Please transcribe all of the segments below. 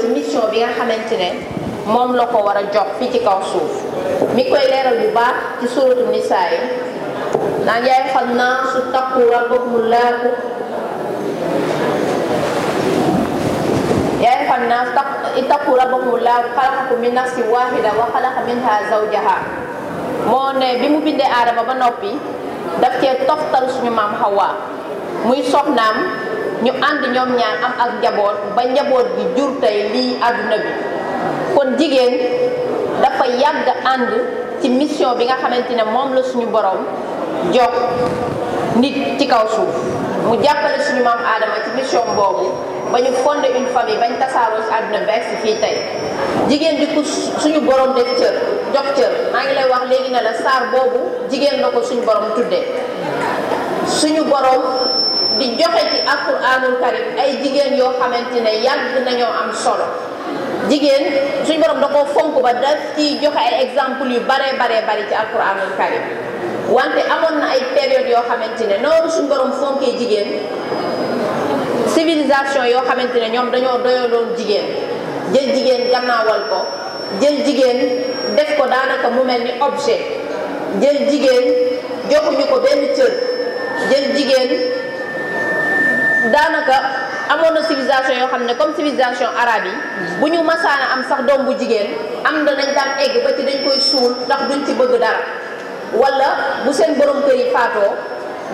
ci mission bi nga xamante ne moom la ko war a jox fii ci kaw suuf mi koy leeral bu baax ci suratu nisaa yi naan yaay xam su takku rabbakum laaku yaay xam naa takk ittaqu rabbakum laaku xalaqakum moo ne bi mu bindee aadama ba noppi daf cee toftal suñu maam Hawa muy soxnaam ñu ànd ñoom ñaar am ak njaboot ba njaboot bi jur tey lii àdduna bi kon jigéen dafa yàgg ànd ci mission bi nga xamante ne moom la suñu borom jox nit ci kaw suuf mu jàppale suñu maam aadama ci mission boobu ba ñu fondé une famille bañ tasaaroo si àdduna bi si fii tey jigéen di ku suñu borom def cër jox cër maa ngi lay wax léegi ne la saar boobu jigéen la ko suñu borom tuddee suñu borom. di joxe ci alquranul karim ay jigéen yoo xamante ne yàgg nañoo am solo jigéen suñ borom da koo fonk ba daf ci joxe ay exemple yu baree baree bari ci alquranul karim wante amoon na ay période yoo xamante ne noonu suñ borom fonkee jigéen civilisation yoo xamante ne ñoom dañoo doyaloon jigéen jël jigéen gannaawal ko jël jigéen def ko daanaka mu mel ni objet jël jigéen joxuñu ko benn cër jël jigéen daanaka amoon na civilisation yoo xam ne comme civilisation arabe yi bu ñu masaana am sax doom bu jigéen am na dañ daan egg ba ci dañ koy suul ndax duñ ci bëgg dara wala bu seen borom kër yi faatoo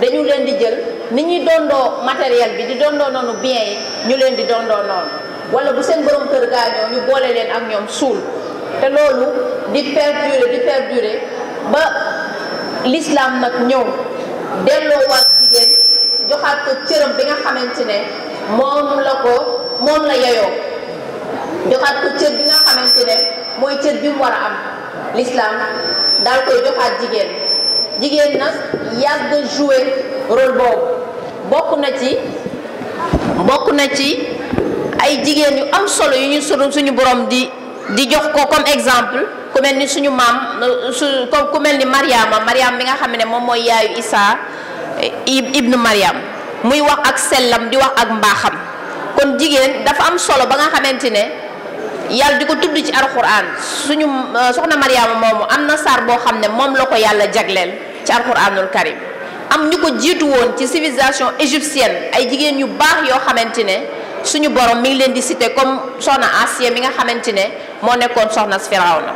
dañu leen di jël ni ñuy dondoo matériel bi di dondoo noonu bien yi ñu leen di dondoo noonu wala bu seen borom kër gaañoo ñu boole leen ak ñoom suul te loolu di perdurer di perdurer ba l'islam nag ñëw delloo waat joxaat ko cëram bi nga xamante ne moom la ko moom la yeyoo joxaat ko cër bi nga xamante mooy cër bi mu war a am l'islam daal koy joxaat jigéen jigéen na yàgg jouer rôle boobu bokk na ci bokk na ci ay jigéen yu am solo yu ñu sunu suñu borom di di jox ko comme exemple ku mel ni suñu maam su ku mel ni Mariama Mariama bi nga xam ne moom mooy yaayu Isaa ibnu Maryam muy wax ak sellam di wax ak mbaaxam kon jigéen dafa am solo ba nga xamante ne yàlla di ko tudd ci alxuraan suñu euh, soxna Maryama moomu am na saar boo xam ne moom la ko yàlla jagleel ci alxuraanul karim am ñu ko jiitu woon ci civilisation égyptienne ay jigéen yu baax yoo xamante ne suñu borom mi ngi leen di site comme soxna Asiya mi nga xamante ne moo nekkoon soxna Firawna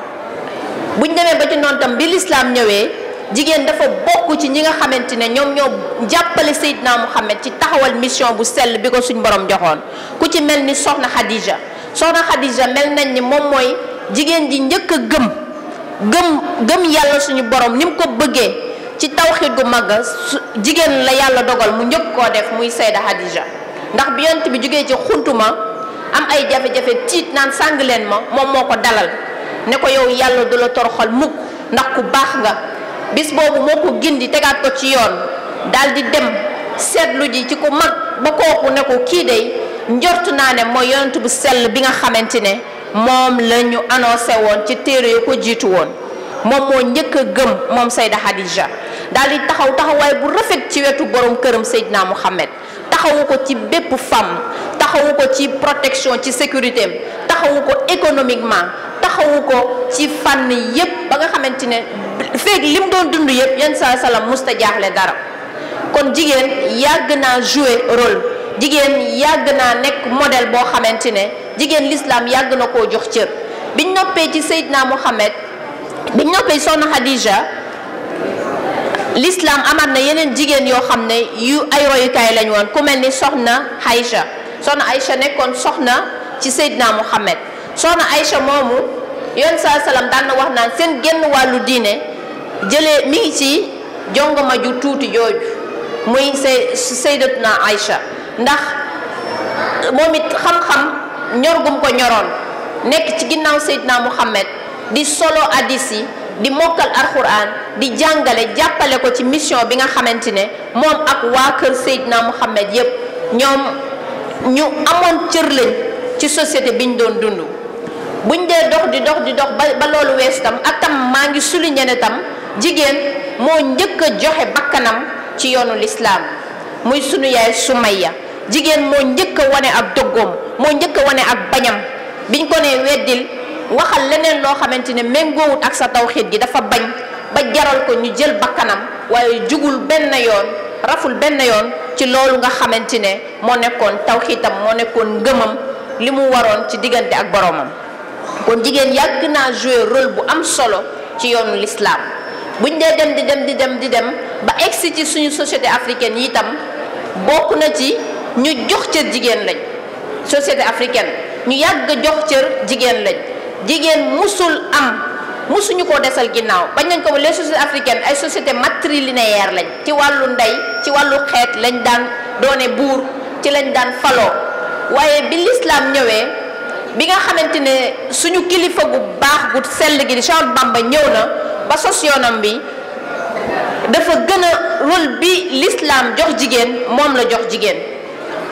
buñ demee ba ci noonu bi lislaam ñëwee. jigéen dafa bokk ci ñi nga xamante ne ñoom ñoo jàppale Seydina Muhammad ci taxawal mission bu sell bi ko suñ borom joxoon ku ci mel ni soxna Khadija soxna Khadija mel nañ ni moom mooy jigéen ji njëkk a gëm gëm gëm yàlla suñu borom ni mu ko bëggee ci tawxiid gu mag jigéen la yàlla dogal mu njëkk koo def muy Seyda Khadija ndax bi yonent bi jógee ci xuntuma am ay jafe-jafe tiit naan sàng leen ma moom moo ko dalal ne ko yow yàlla du la toroxal mukk ndax ku baax nga bis boobu moo ko gindi tegaat ko ci yoon daal di dem seetlu ji ci ku mag ba kooku ne ko kii day njortu naa ne mooy yonent bu sell bi nga xamante ne moom lañu ñu woon ci téere yu ko jiitu woon moom moo njëkk a gëm moom Sayda Hadija daal di taxaw taxawaay bu rafet ci wetu borom këram Seydina Muhammad taxawu ko ci bépp femme taxawu ko ci protection ci sécurité am taxawu ko économiquement taxawu ko ci fànn yépp ba nga xamante ne feeg li mu doon dund yépp yan saa salaam musta jaaxle dara kon jigéen yàgg naa jouer rôle jigéen yàgg naa nekk model boo xamante ne jigéen l'islam yàgg na koo jox cër biñ noppee ci Seydina Muhammad biñ noppee Soxna Khadija l'islam amaat na yeneen jigéen yoo xam ne yu ay royukaay lañ woon ku mel ni Soxna Aïcha soxna Aïcha nekkoon soxna ci naa Muhammad soxna Aïcha moomu yoon saa salaam na wax naan seen génn wàllu diine jële mi ci jongama ju tuuti jooju muy say Seydatuna Aïcha ndax moom it xam-xam ñor ko ñoroon nekk ci ginnaaw Seydina Muhammad di solo addis yi di mokkal alxuraan di jàngale jàppale ko ci mission bi nga xamante ne moom ak waa kër Seydina Muhammad yépp ñoom ñu amoon cër lañ ci société ñu doon dund buñ dee dox di dox di dox ba ba loolu wees itam ak tam maa ngi sulu ne tam jigéen moo njëkk a joxe bakkanam ci yoonu lislaam muy sunu yaay Sumayya jigéen moo njëkk a wane ak doggoom moo njëkk a wane ak bañam biñ ko nee weddil waxal leneen loo xamante ne méngoowut ak sa tawxiit gi dafa bañ ba jaral ko ñu jël bakkanam waaye jugul benn yoon raful benn yoon ci loolu nga xamante ne moo nekkoon tawxiitam moo nekkoon ngëmam li mu waroon ci diggante ak boroomam kon jigéen yàgg naa jouer rôle bu am solo ci yoonu lislaam buñ dee dem di dem di dem di dem ba egsi ci suñu société africaine yi itam bokk na ci ñu jox cër jigéen lañ société africaine ñu yàgg jox cër jigéen lañ jigéen musul am musuñu koo desal ginnaaw bañ nañ ko les sociétés africaines ay sociétés matrilinéaires lañ ci wàllu ndey ci wàllu xeet lañ daan doone buur ci lañ daan faloo waaye bi l'islam ñëwee bi nga xamante ne suñu kilifa bu baax gu sell gi di Charles Bamba ñëw na ba sos yoonam bi dafa gën a bi l'islam jox jigéen moom la jox jigéen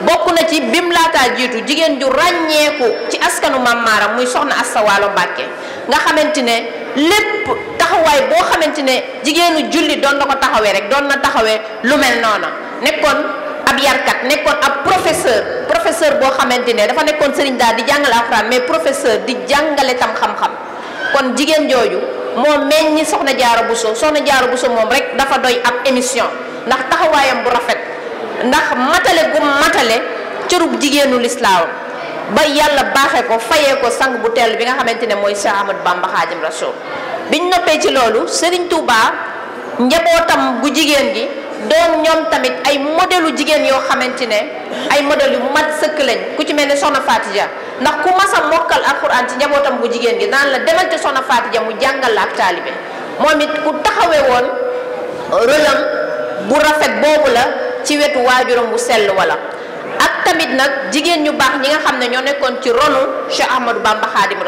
bokk na ci bim laataa jiitu jigéen ju ràññeeku ci askanu Maam Maaram muy soxna Asta wàllu Mbàkke nga xamante ne lépp taxawaay boo xamante ne jigéenu julli doon na ko taxawee rek doon na taxawee lu mel noona nekkoon ab yarkat nekkoon ab professeur professeur boo xamante ne dafa nekkoon sëriñ daal di jàngale alxuraan mais professeur di jàngale tam xam-xam kon jigéen jooju moom moo meññi soxna jaara buso soxna bu buso moom rek dafa doy ab émission ndax taxawaayam bu rafet ndax matale gu matale cërub jigéenu lislaam ba yàlla baaxee ko fayee ko sang bu teel bi nga xamante ne mooy Cheikh Ahmadou Bamba bi ñu biñ noppee ci loolu Serigne Touba njabootam bu jigéen gi doon ñoom tamit ay modèlu jigéen yoo xamante ne ay modèle yu mat sëkk lañ ku ci mel ne Soxna Faatija ndax ku mas a mokkal alxuraan ci njabootam bu jigéen gi naan la demal ci Soxna Faatija mu jàngal la ak taalibe moom it ku taxawee woon rëlam bu rafet boobu la ci wetu waajuram bu sell wala tamit nag jigéen ñu baax ñi nga xam ne ñoo nekkoon ci ronu Cheikh Ahmadou Bamba Khadim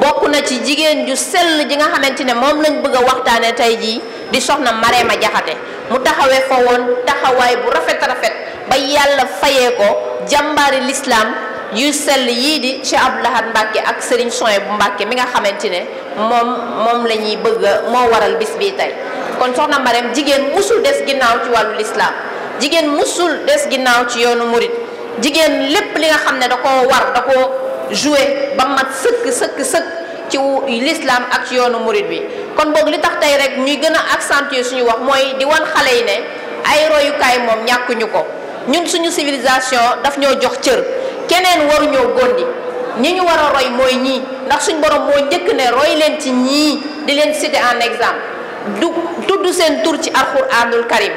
bokk na ci jigéen ju sell ji nga xamante ne moom lañ bëgg a waxtaane tey jii di soxna Marema Jaxate mu taxawee fa woon taxawaay bu rafet rafet ba yàlla fayee ko jàmbaari lislaam yu sell yii di Cheikh Abdoul Ahad ak Serigne Soye bu Mbacke mi nga xamante ne moom moom la ñuy bëgg moo waral bis bii tey kon soxna Marem jigéen musul des ginnaaw ci wàllu lislaam jigéen musul des ginnaaw ci yoonu murit jigéen lépp li nga xam ne da koo war da koo joué ba mat sëkk sëkk sëkk ci lislaam ak ci yoonu murit bi kon boog li tax tey rek ñuy gën a accentuer suñu wax mooy di wan xale yi ne ay royukaay moom ñàkkuñu ko ñun suñu civilisation daf ñoo jox cër keneen waruñoo gondi ñi ñu war roy mooy ñii ndax suñ borom moo njëkk ne roy leen ci ñii di leen de en exemple du tudd seen tur ci alxuraanul karim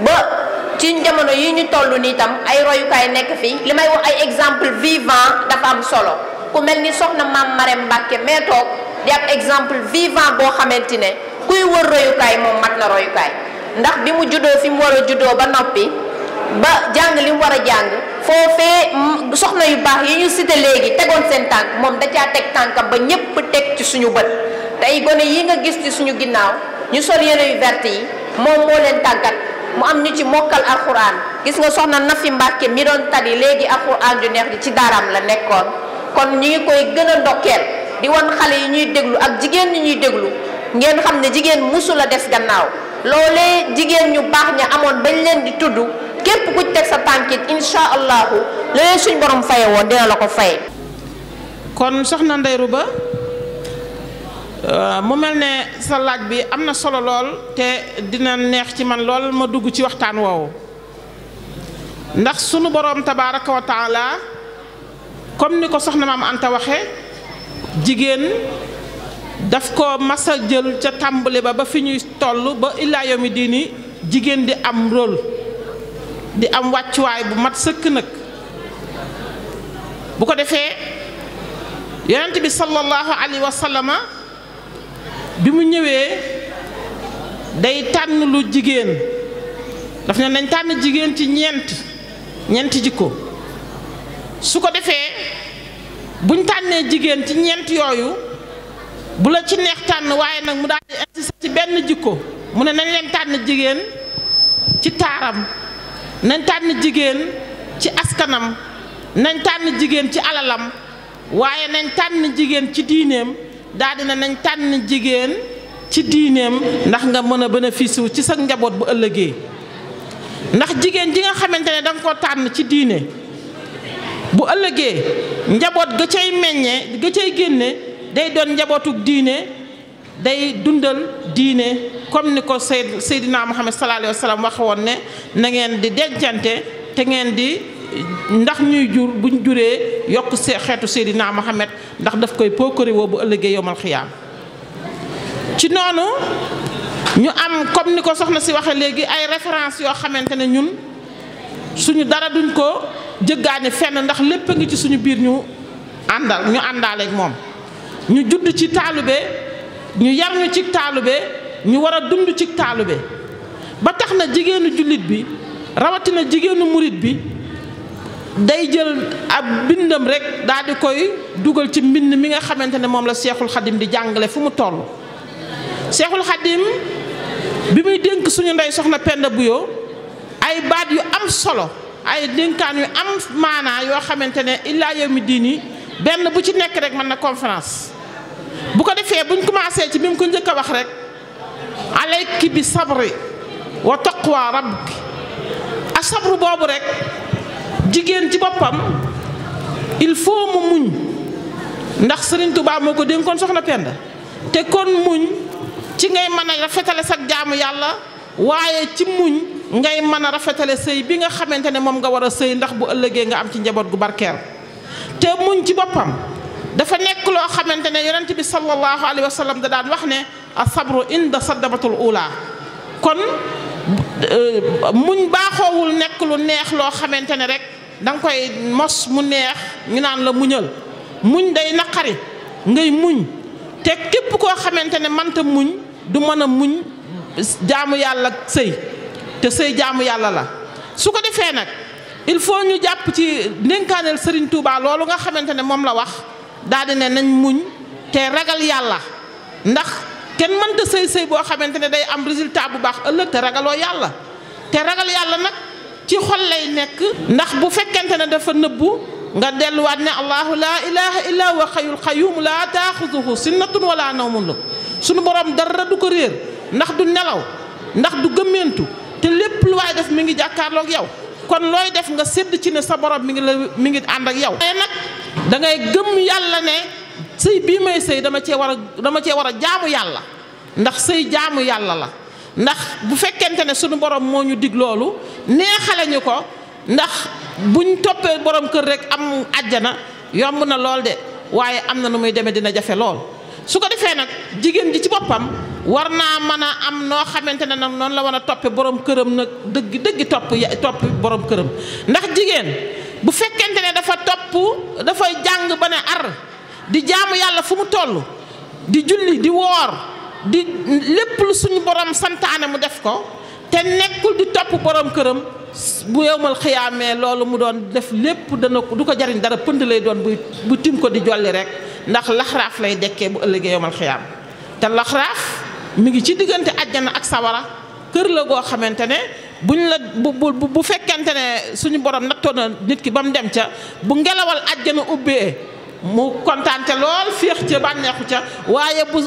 ba ci jamono yi ñu toll nii tam ay royukaay nekk fii li may wax ay exemple vivant dafa am solo ku mel ni soxna maam Marème Mbacke mee di ab exemple vivant boo xamante ne kuy wër royukaay moom mat na royukaay ndax bi mu juddoo fi mu war a juddoo ba noppi ba jàng li mu war a jàng foofee soxna yu baax yi ñu cité léegi tegoon seen tànk moom da caa teg tànkam ba ñépp teg ci suñu bët tey gone yi nga gis ci suñu ginnaaw ñu sol yeneen yu verte yi moo leen mu am ñu ci mokkal alxuraan gis nga soxna Nafi Mbàkke mi doon tali léegi alxuraan ju neex ji ci daaraam la nekkoon kon ñu ngi koy gën a ndokkeel di wan xale yi ñuy déglu ak jigéen ñi ñuy déglu ngeen xam ne jigéen musu la des gannaaw loolee jigéen ñu baax ña amoon bañ leen di tudd képp ku teg sa tànkit incha allahu la leen suñ borom faye woon dina la ko faye kon soxna Ndeye ba Euh, mu mel ne sa laaj bi am na solo lool te dina neex ci man lool ma dugg ci waxtaan woowu ndax sunu boroom tabaaraka wa taala comme ni ko soxna maam Anta waxe jigéen daf ko masa jël ca tàmbali ba ba fi ñuy toll ba illaa yomi diini jigéen di am rol di am wàccuwaay bu mat sëkk nag bu ko defee yonent bi sallallahu alayhi wa bi mu ñëwee day tànn lu jigéen daf ne nañ tànn jigéen ci ñeent ñeent jikko su ko defee buñ tànnee jigéen ci ñeent yooyu bu la ci neex tànn waaye nag mu daal di insisté ci benn jikko mu ne nañ leen tànn jigéen ci taaram nañ tànn jigéen ci askanam nañ tànn jigéen ci alalam waaye nañ tànn jigéen ci diineem daa dina nañ tànn jigéen ci diineem ndax nga mën a bénéfice wu ci sa njaboot bu ëllëgee ndax jigéen ji nga xamante ne danga ko tànn ci diine bu ëllëgee njaboot ga cay meññee ga cay génne day doon njabootug diine day dundal diine comme ni ko Seydina Muhammad sallallahu alayhi wa sallam wax woon ne na ngeen di dencante te ngeen di ndax ñuy jur buñ juree yokk se xeetu Seydina Mohamed ndax daf koy pokkari woo bu ëllëgee yomal xiyaam ci noonu ñu am comme ni ko soxna si waxee léegi ay référence yoo xamante ne ñun suñu dara duñ ko jëggaani fenn ndax lépp a ngi ci suñu biir ñu àndal ñu àndaaleeg moom ñu judd ci taalube ñu yar ñu ci taalube ñu war a dund ci taalube ba tax na jigéenu jullit bi rawatina jigéenu murit bi day jël ab bindam rek daal di koy dugal ci mbind mi nga xamante ne moom la seexul xadim di jàngale fu mu toll seexul xadim bi muy dénk suñu ndey soxna Penda Buyo ay baat yu am solo ay dénkaan yu am maanaa yoo xamante ne illaa yow mi diini benn bu ci nekk rek mën na conférence bu ko defee buñ commencé ci bi mu ko njëkk a wax rek alayki bi sabri wa taqwa rabbiki a sabru boobu rek jigéen ci boppam il faut mu muñ ndax Serigne Touba moo ko dénkoon soxna Penda te kon muñ ci ngay mën a rafetale sag jaamu yàlla waaye ci muñ ngay mën a rafetale sëy bi nga xamante ne moom nga war a sëy ndax bu ëllëgee nga am ci njaboot gu barkeel te muñ ci boppam dafa nekk loo xamante ne yonent bi sallallahu alayhi wa sallam da daan wax ne asabru inda saddamatul ulaa kon euh, muñ baaxoowul nekk lu neex loo xamante ne rek da koy mos mu neex ñu naan la muñal muñ day naqari ngay muñ te képp koo xamante ne manta muñ du mën a muñ jaamu yàlla sëy te sëy jaamu yàlla la su ko defee nag il faut ñu jàpp ci ndénkaaneel Serigne Touba loolu nga xamante ne moom la wax daal di ne nañ muñ te ragal yàlla ndax kenn mënta sëy sëy boo xamante ne day am résultat bu baax ëllëg te ragaloo yàlla te ragal yàlla nag ci xol lay nekk ndax bu fekkente ne dafa nëbbu nga delluwaat ne allahu laa ilaha illa wa xayul xayum laa taaxuduhu sinnatun wala nawmun la suñu borom dara du ko réer ndax du nelaw ndax du gëmmentu te lépp lu waay def mi ngi jàkkaarloog yow kon looy def nga sédd ci ne sa borom mi ngi la mi ngi ànd ak yow waaye nag da ngay gëm yàlla ne sëy bii may sëy dama cee war a dama cee war a jaamu yàlla ndax sëy jaamu yàlla la ndax bu fekkente ne sunu borom moo ñu dig loolu neexale ñu ko ndax buñ toppee borom kër rek am àjjana yomb na lool de waaye am na nu muy demee dina jafe lool. su ko defee nag jigéen ji ci boppam war naa mën a am noo xamante ne nag noonu la war a toppee borom këram nag dëgg dëgg topp topp borom këram ndax jigéen bu fekkente ne dafa topp dafay jàng ba ne ar di jaamu yàlla fu mu toll di julli di woor. di lépp lu suñu borom santaane mu def ko te nekkul di topp borom këram bu yowmal xiyaamee loolu mu doon def lépp dana du ko jariñ dara pënd lay doon buy bu tim ko di jolli rek ndax laxraaf lay dekkee bu ëllëgee yowmal xiyaam te laxraaf mu ngi ci diggante àjjana ak sawara kër la goo xamante ne bu ñu la bu bu bu fekkente ne suñu borom nattoo na nit ki ba mu dem ca bu ngelawal àjjana ubbee mu kontaante lool féex ca bànneexu ca waaye bu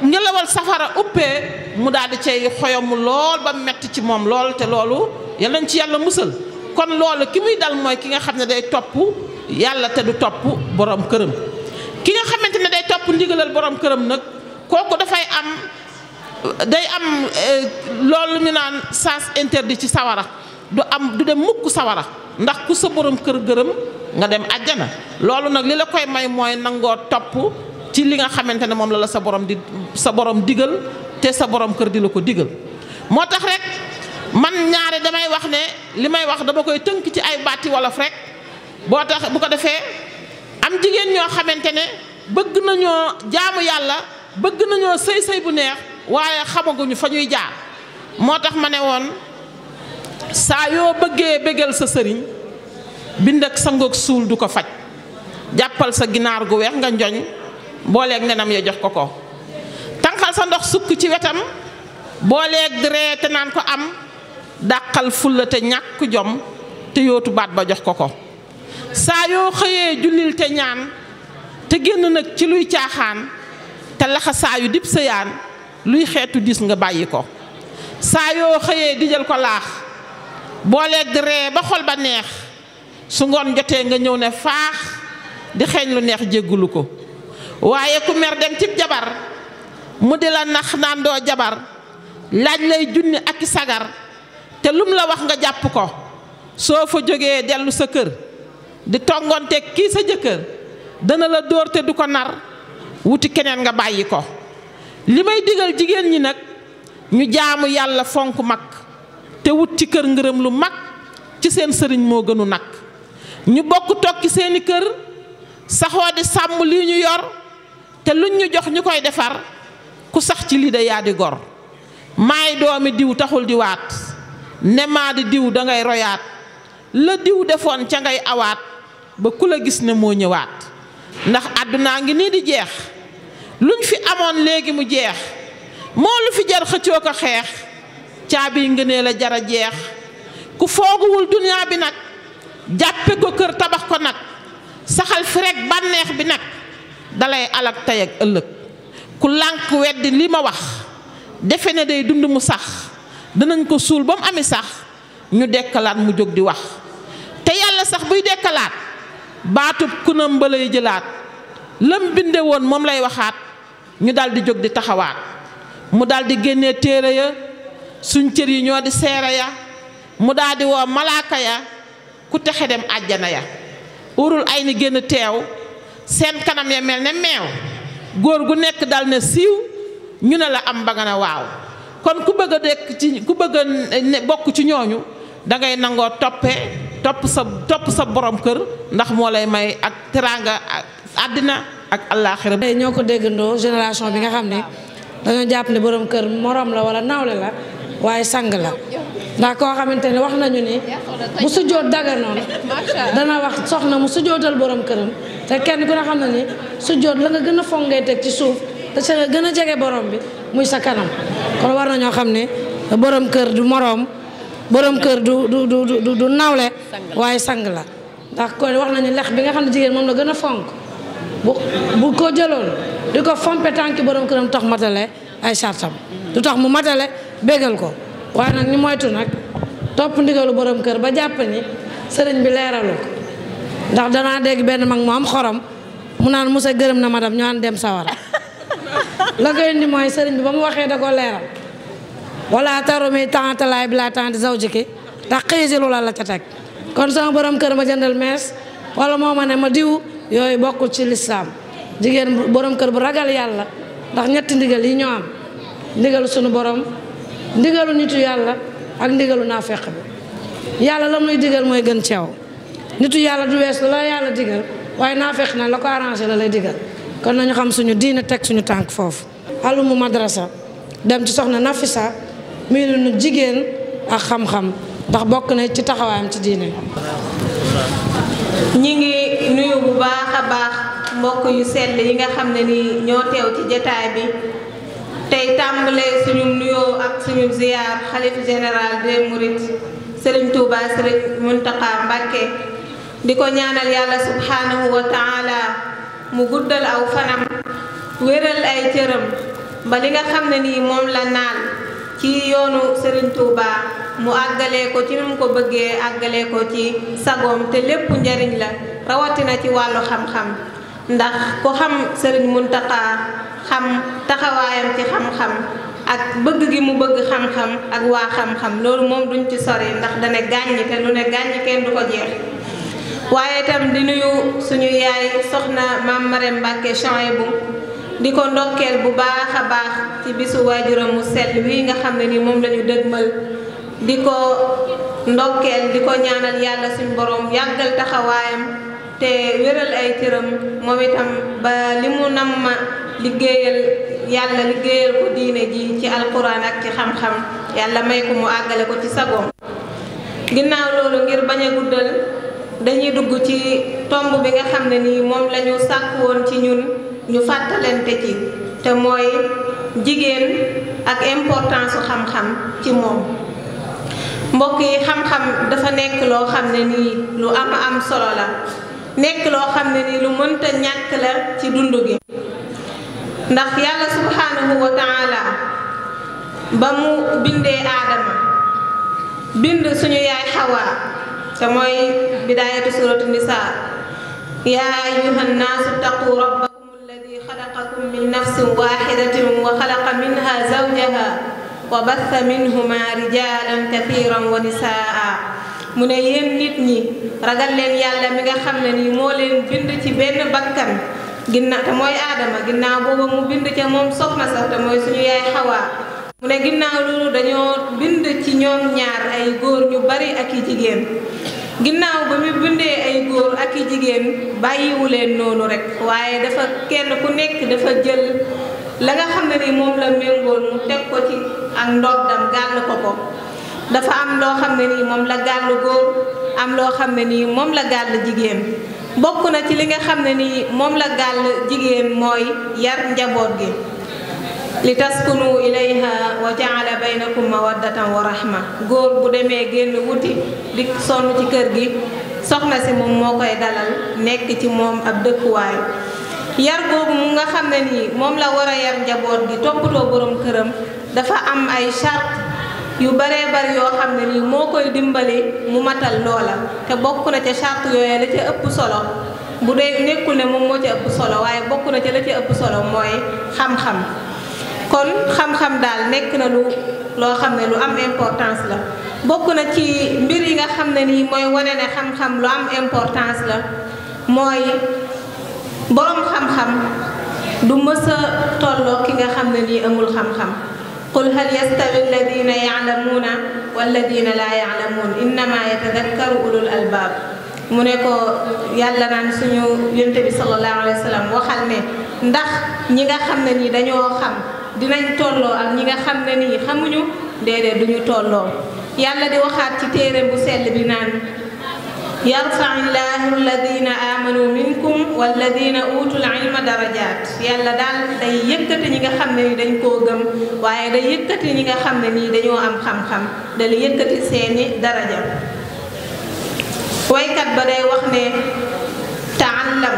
ngelawal safara uppee mu daal di cay xoyomu lool ba metti ci moom loolu te loolu yal nañ ci yàlla musal kon loolu ki muy dal mooy ki nga xam ne day topp yàlla te du topp borom këram ki nga xamante ne day topp ndigalal borom këram nag kooku dafay am day am eh, loolu ñu naan sens interdi ci sawara du am du dem mukk sawara ndax ku sa borom kër gërëm nga dem àjjana loolu nag li la koy may mooy nangoo topp ci li nga xamante ne moom la la sa borom di sa borom digal te sa borom kër di la ko digal moo tax rek man ñaare damay wax ne li may wax dama koy tënk ci ay baati wolof rek boo tax bu ko defee am jigéen ñoo xamante ne bëgg nañoo jaamu yàlla bëgg nañoo sëy sëy bu neex waaye xamaguñu fa ñuy jaar moo tax ma ne woon saa yoo bëggee bëggal sa sëriñ bind ak sangoog suul du ko faj jàppal sa ginaar gu weex nga njoñ booleeg nenam ya jox ko ko tànqal sa ndox sukk ci wetam booleeg diree te naan ko am dàqal fulla te ñàkk jom te yootu baat ba jox ko ko saayoo xëyee jullil te ñaan te génn nag ci luy caaxaan te laxasaayu saa yu dib sëyaan luy xeetu dis nga bàyyi ko saayoo yoo xëyee dijal ko laax booleeg di ree ba xol ba neex su ngoon jotee nga ñëw ne faax di xeeñ lu neex jéggulu ko waaye ku mer cib jabar mu di la nax naan doo jabar laaj lay junni ak sagar te lum la wax nga jàpp ko soo fa jógee dellu sa kër di tongonte kii sa jëkkër dana la dóor te du ko nar wuti keneen nga bàyyi ko li may digal jigéen ñi nag ñu jaamu yàlla fonk mag te wut ci kër ngërëm lu mag ci seen sëriñ moo gënu nag ñu bokk tokki seeni kër saxoo di sàmm lii ñu yor te luñ ñu jox ñu koy defar ku sax ci lii de yaa di gor maay doomi diw taxul di waat ne maa di diw dangay royaat la diw defoon ca ngay awaat ba ku la gis ne moo ñëwaat ndax àddunaa ngi nii di jeex luñ fi amoon léegi mu jeex moo lu fi jar xëccoo ko xeex caabi ngënee jar a jeex ku fooguwul duniyaa bi nag jàppe ko kër tabax ko nag saxal fi rek bànneex bi nag dalay alak tey ak ëllëg ku lànk weddi li ma wax defe na day dund mu sax danañ ko suul ba mu amee sax ñu dekkalaat mu jóg di wax te yàlla sax buy dekkalaat baatub ku ba lay jëlaat lam binde woon moom lay waxaat ñu daldi jóg di taxawaat mu daldi génne téere ya suñ cër yi ñoo di seere ya mu daldi di woo malaaka ya ku texe dem àjjana ya urul ay ni génn teew seen kanam ya mel ne meew góor gu nekk dal na siiw ñu ne la am ba waaw kon ku bëgg a dekk ci ku bëgg a bokk ci ñooñu da ngay nangoo toppee topp sa topp sa borom kër ndax moo lay may ak teraanga ak àddina ak àllaaxira ñoo ko déggandoo génération bi nga xam ne dañoo jàpp ne borom kër morom la wala nawle la waaye sang la ndax koo xamante ne wax nañu ne bu sujjóot daganoon dana wax soxna mu sujjóotal borom këram te kenn ku ne xam na ne sujjóot la nga gën a foog ngay teg ci suuf te gën a jege borom bi muy sa kanam kon war nañoo xam ne borom kër du moroom borom kër du du du du waaye sang la ndax kon wax nañu lex bi nga xam ne jigéen moom la gën a fonk bu bu ko jëloon di ko fompe tànki borom këram tax matale ay sartam du tax mu matale bégal ko waaye nag ñu moytu nag topp ndigalu borom kër ba jàpp ni sëriñ bi leeralu ndax danaa dégg benn mag mu am xorom mu naan musa gërëm na madam ñu dem sawara la ko indi mooy sëriñ bi ba mu waxee da ko leeral wala tarumi tantalaay bi laa tant zaw jiki ndax xiisilu la la ca teg kon sama borom kër ma jëndal mees wala moo ma ne ma diw yooyu bokkul ci lislaam jigéen borom kër bu ragal yàlla ndax ñetti ndigal yi ñoo am ndigal sunu borom ndigalu nitu yàlla ak ndigalu naa feq bi yàlla la muy digal mooy gën ceew nitu yàlla du wees la yàlla digal waaye naa feq na la ko arrangé la lay digal kon nañu xam suñu diina teg suñu tànk foofu alumu madrasa dem ci soxna Nafisa muy nu jigéen ak xam-xam ndax bokk na ci taxawaayam ci diine ñi ngi nuyu bu baax a baax mbokk yu sell yi nga xam ne ni ñoo teew ci jataay bi tey tàmbalee suñu nuyoo ak suñu ziyaar xalif général des mourides Serigne Touba Serigne Mountakha Mbacké di ko ñaanal yàlla subhanahu wa taala mu guddal aw fanam wéral ay cëram ba li nga xam ne nii moom la naan ci yoonu Serigne Touba mu àggale ko ci ni ko bëggee àggalee ko ci sagoom te lépp njariñ la rawatina ci wàllu xam-xam ndax ko xam Serigne Mountakha xam taxawaayam ci xam-xam ak bëgg gi mu bëgg xam-xam ak waa xam-xam loolu moom duñ ci sori ndax dane gàññi te lu ne gàññi kenn du ko jeex waaye itam di nuyu suñu yaay soxna maam Marème Mbacke bu di ko ndokkeel bu baax a baax ci bisu waajuram mu sell wii nga xam ne ni moom lañu dëgmal di ko ndokkeel di ko ñaanal yàlla suñu borom yàggal taxawaayam te wéral ay cëram moom itam ba li mu nam ma liggéeyal yàlla liggéeyal ko diine ji ci alquran ak ci xam-xam yàlla may ko mu àggale ko ci sagoom ginnaaw loolu ngir bañ a guddal dañuy dugg ci tomb bi nga xam ne nii moom lañu ñu sàkk woon ci ñun ñu fàttalante ci te mooy jigéen ak importance su xam-xam ci moom mbokk yi xam-xam dafa nekk loo xam ne nii lu am am solo la nekk loo xam ne ni lu mënta ñàkk la ci dund gi ndax yàlla subhanahu wa taala ba mu bindee aadama bind suñu yaay xawa te mooy bidaayatu suratu nisaa yaa ayuha taqu rabbakum alladi xalaqakum min nafsin waxidatin wa xalaqa minha zawjaha wa batha minhuma rijalan kathiran wa nisaa mu ne yenn nit ñi ragal leen yàlla mi nga xam ne nii moo leen bind ci benn bakkan ginnaaw te mooy aadama ginnaaw booba mu bind ca moom soxna sax te mooy suñu yaay xawaa mu ne ginnaaw loolu dañoo bind ci ñoom ñaar ay góor ñu bari ak i jigéen ginnaaw ba mu bindee ay góor ak i jigéen bàyyiwu leen noonu rek waaye dafa kenn ku nekk dafa jël la nga xam ne ni moom la méngool mu teg ko ci ak ndoddam gàll ko ko dafa am loo xam ne nii moom la gàll góor am loo xam ne nii moom la gàll jigéen bokk na ci li nga xam ne nii moom la gàll jigéen mooy yar njaboot gi li taskunu ilayha wa jaala baynakum mawaddatan wa ma góor bu demee génn wuti di sonn ci kër gi soxna si moom moo koy dalal nekk ci moom ab dëkkuwaay yar googu mu nga xam ne nii moom la war a yar njaboot gi toppatoo borom këram dafa am ay charte yu baree bari yoo xam ne nii moo koy dimbali mu matal loola te bokk na ca charte yooyu la ca ëpp solo bu dee nekkul ne moom moo ca ëpp solo waaye bokk na ca la ca ëpp solo mooy xam-xam kon xam-xam daal nekk na lu loo xam ne lu am importance la bokk na ci mbir yi nga xam ne nii mooy wane ne xam-xam lu am importance la mooy boroom xam-xam du mës a tolloo ki nga xam ne nii amul xam-xam qul hal yastawi alladina yaalamuuna walladina laa yaalamuun innama yatadakkaru ulul albaab mu ne ko yàlla naan suñu yonte bi sallallahu alayhi wa sallam waxal ne ndax ñi nga xam ne nii dañoo xam dinañ tolloo ak ñi nga xam ne nii xamuñu déedéet duñu tolloo yàlla di waxaat ci téere bu sell bi naan yarfa illaahu alladina amanu minkum walladina utul ilma darajaat yàlla daal day yëkkati ñi nga xam ne ni dañ koo gëm waaye day yëkkati ñi nga xam ne nii dañoo am xam-xam dal yëkkati seeni daraja waykat ba day wax ne taallam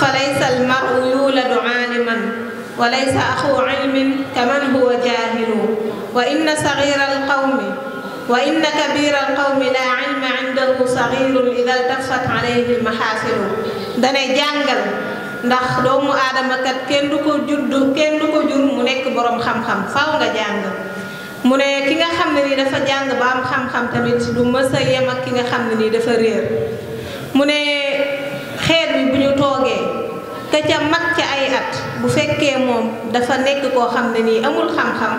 fa laysa almaru yuladu aaliman wa laysa axu ilmin kaman huwa jaahilu wa inna sagira alqawmi waa inna kabiral qawmi laa ilma indahu saxirun ida ltafat alayhi lmaxaasiru jàngal ndax doomu aadama kat kenn du ko juddu kenn ko jur mu nekk boroom xam-xam faw ne ki nga xam ne nii dafa jàng ba am tamit du mës a ki nga xam ne nii dafa réer ne xeet bi bu ñu toogee ka ca mag ca ay at bu fekkee moom dafa nekk koo xam ne nii amul xam-xam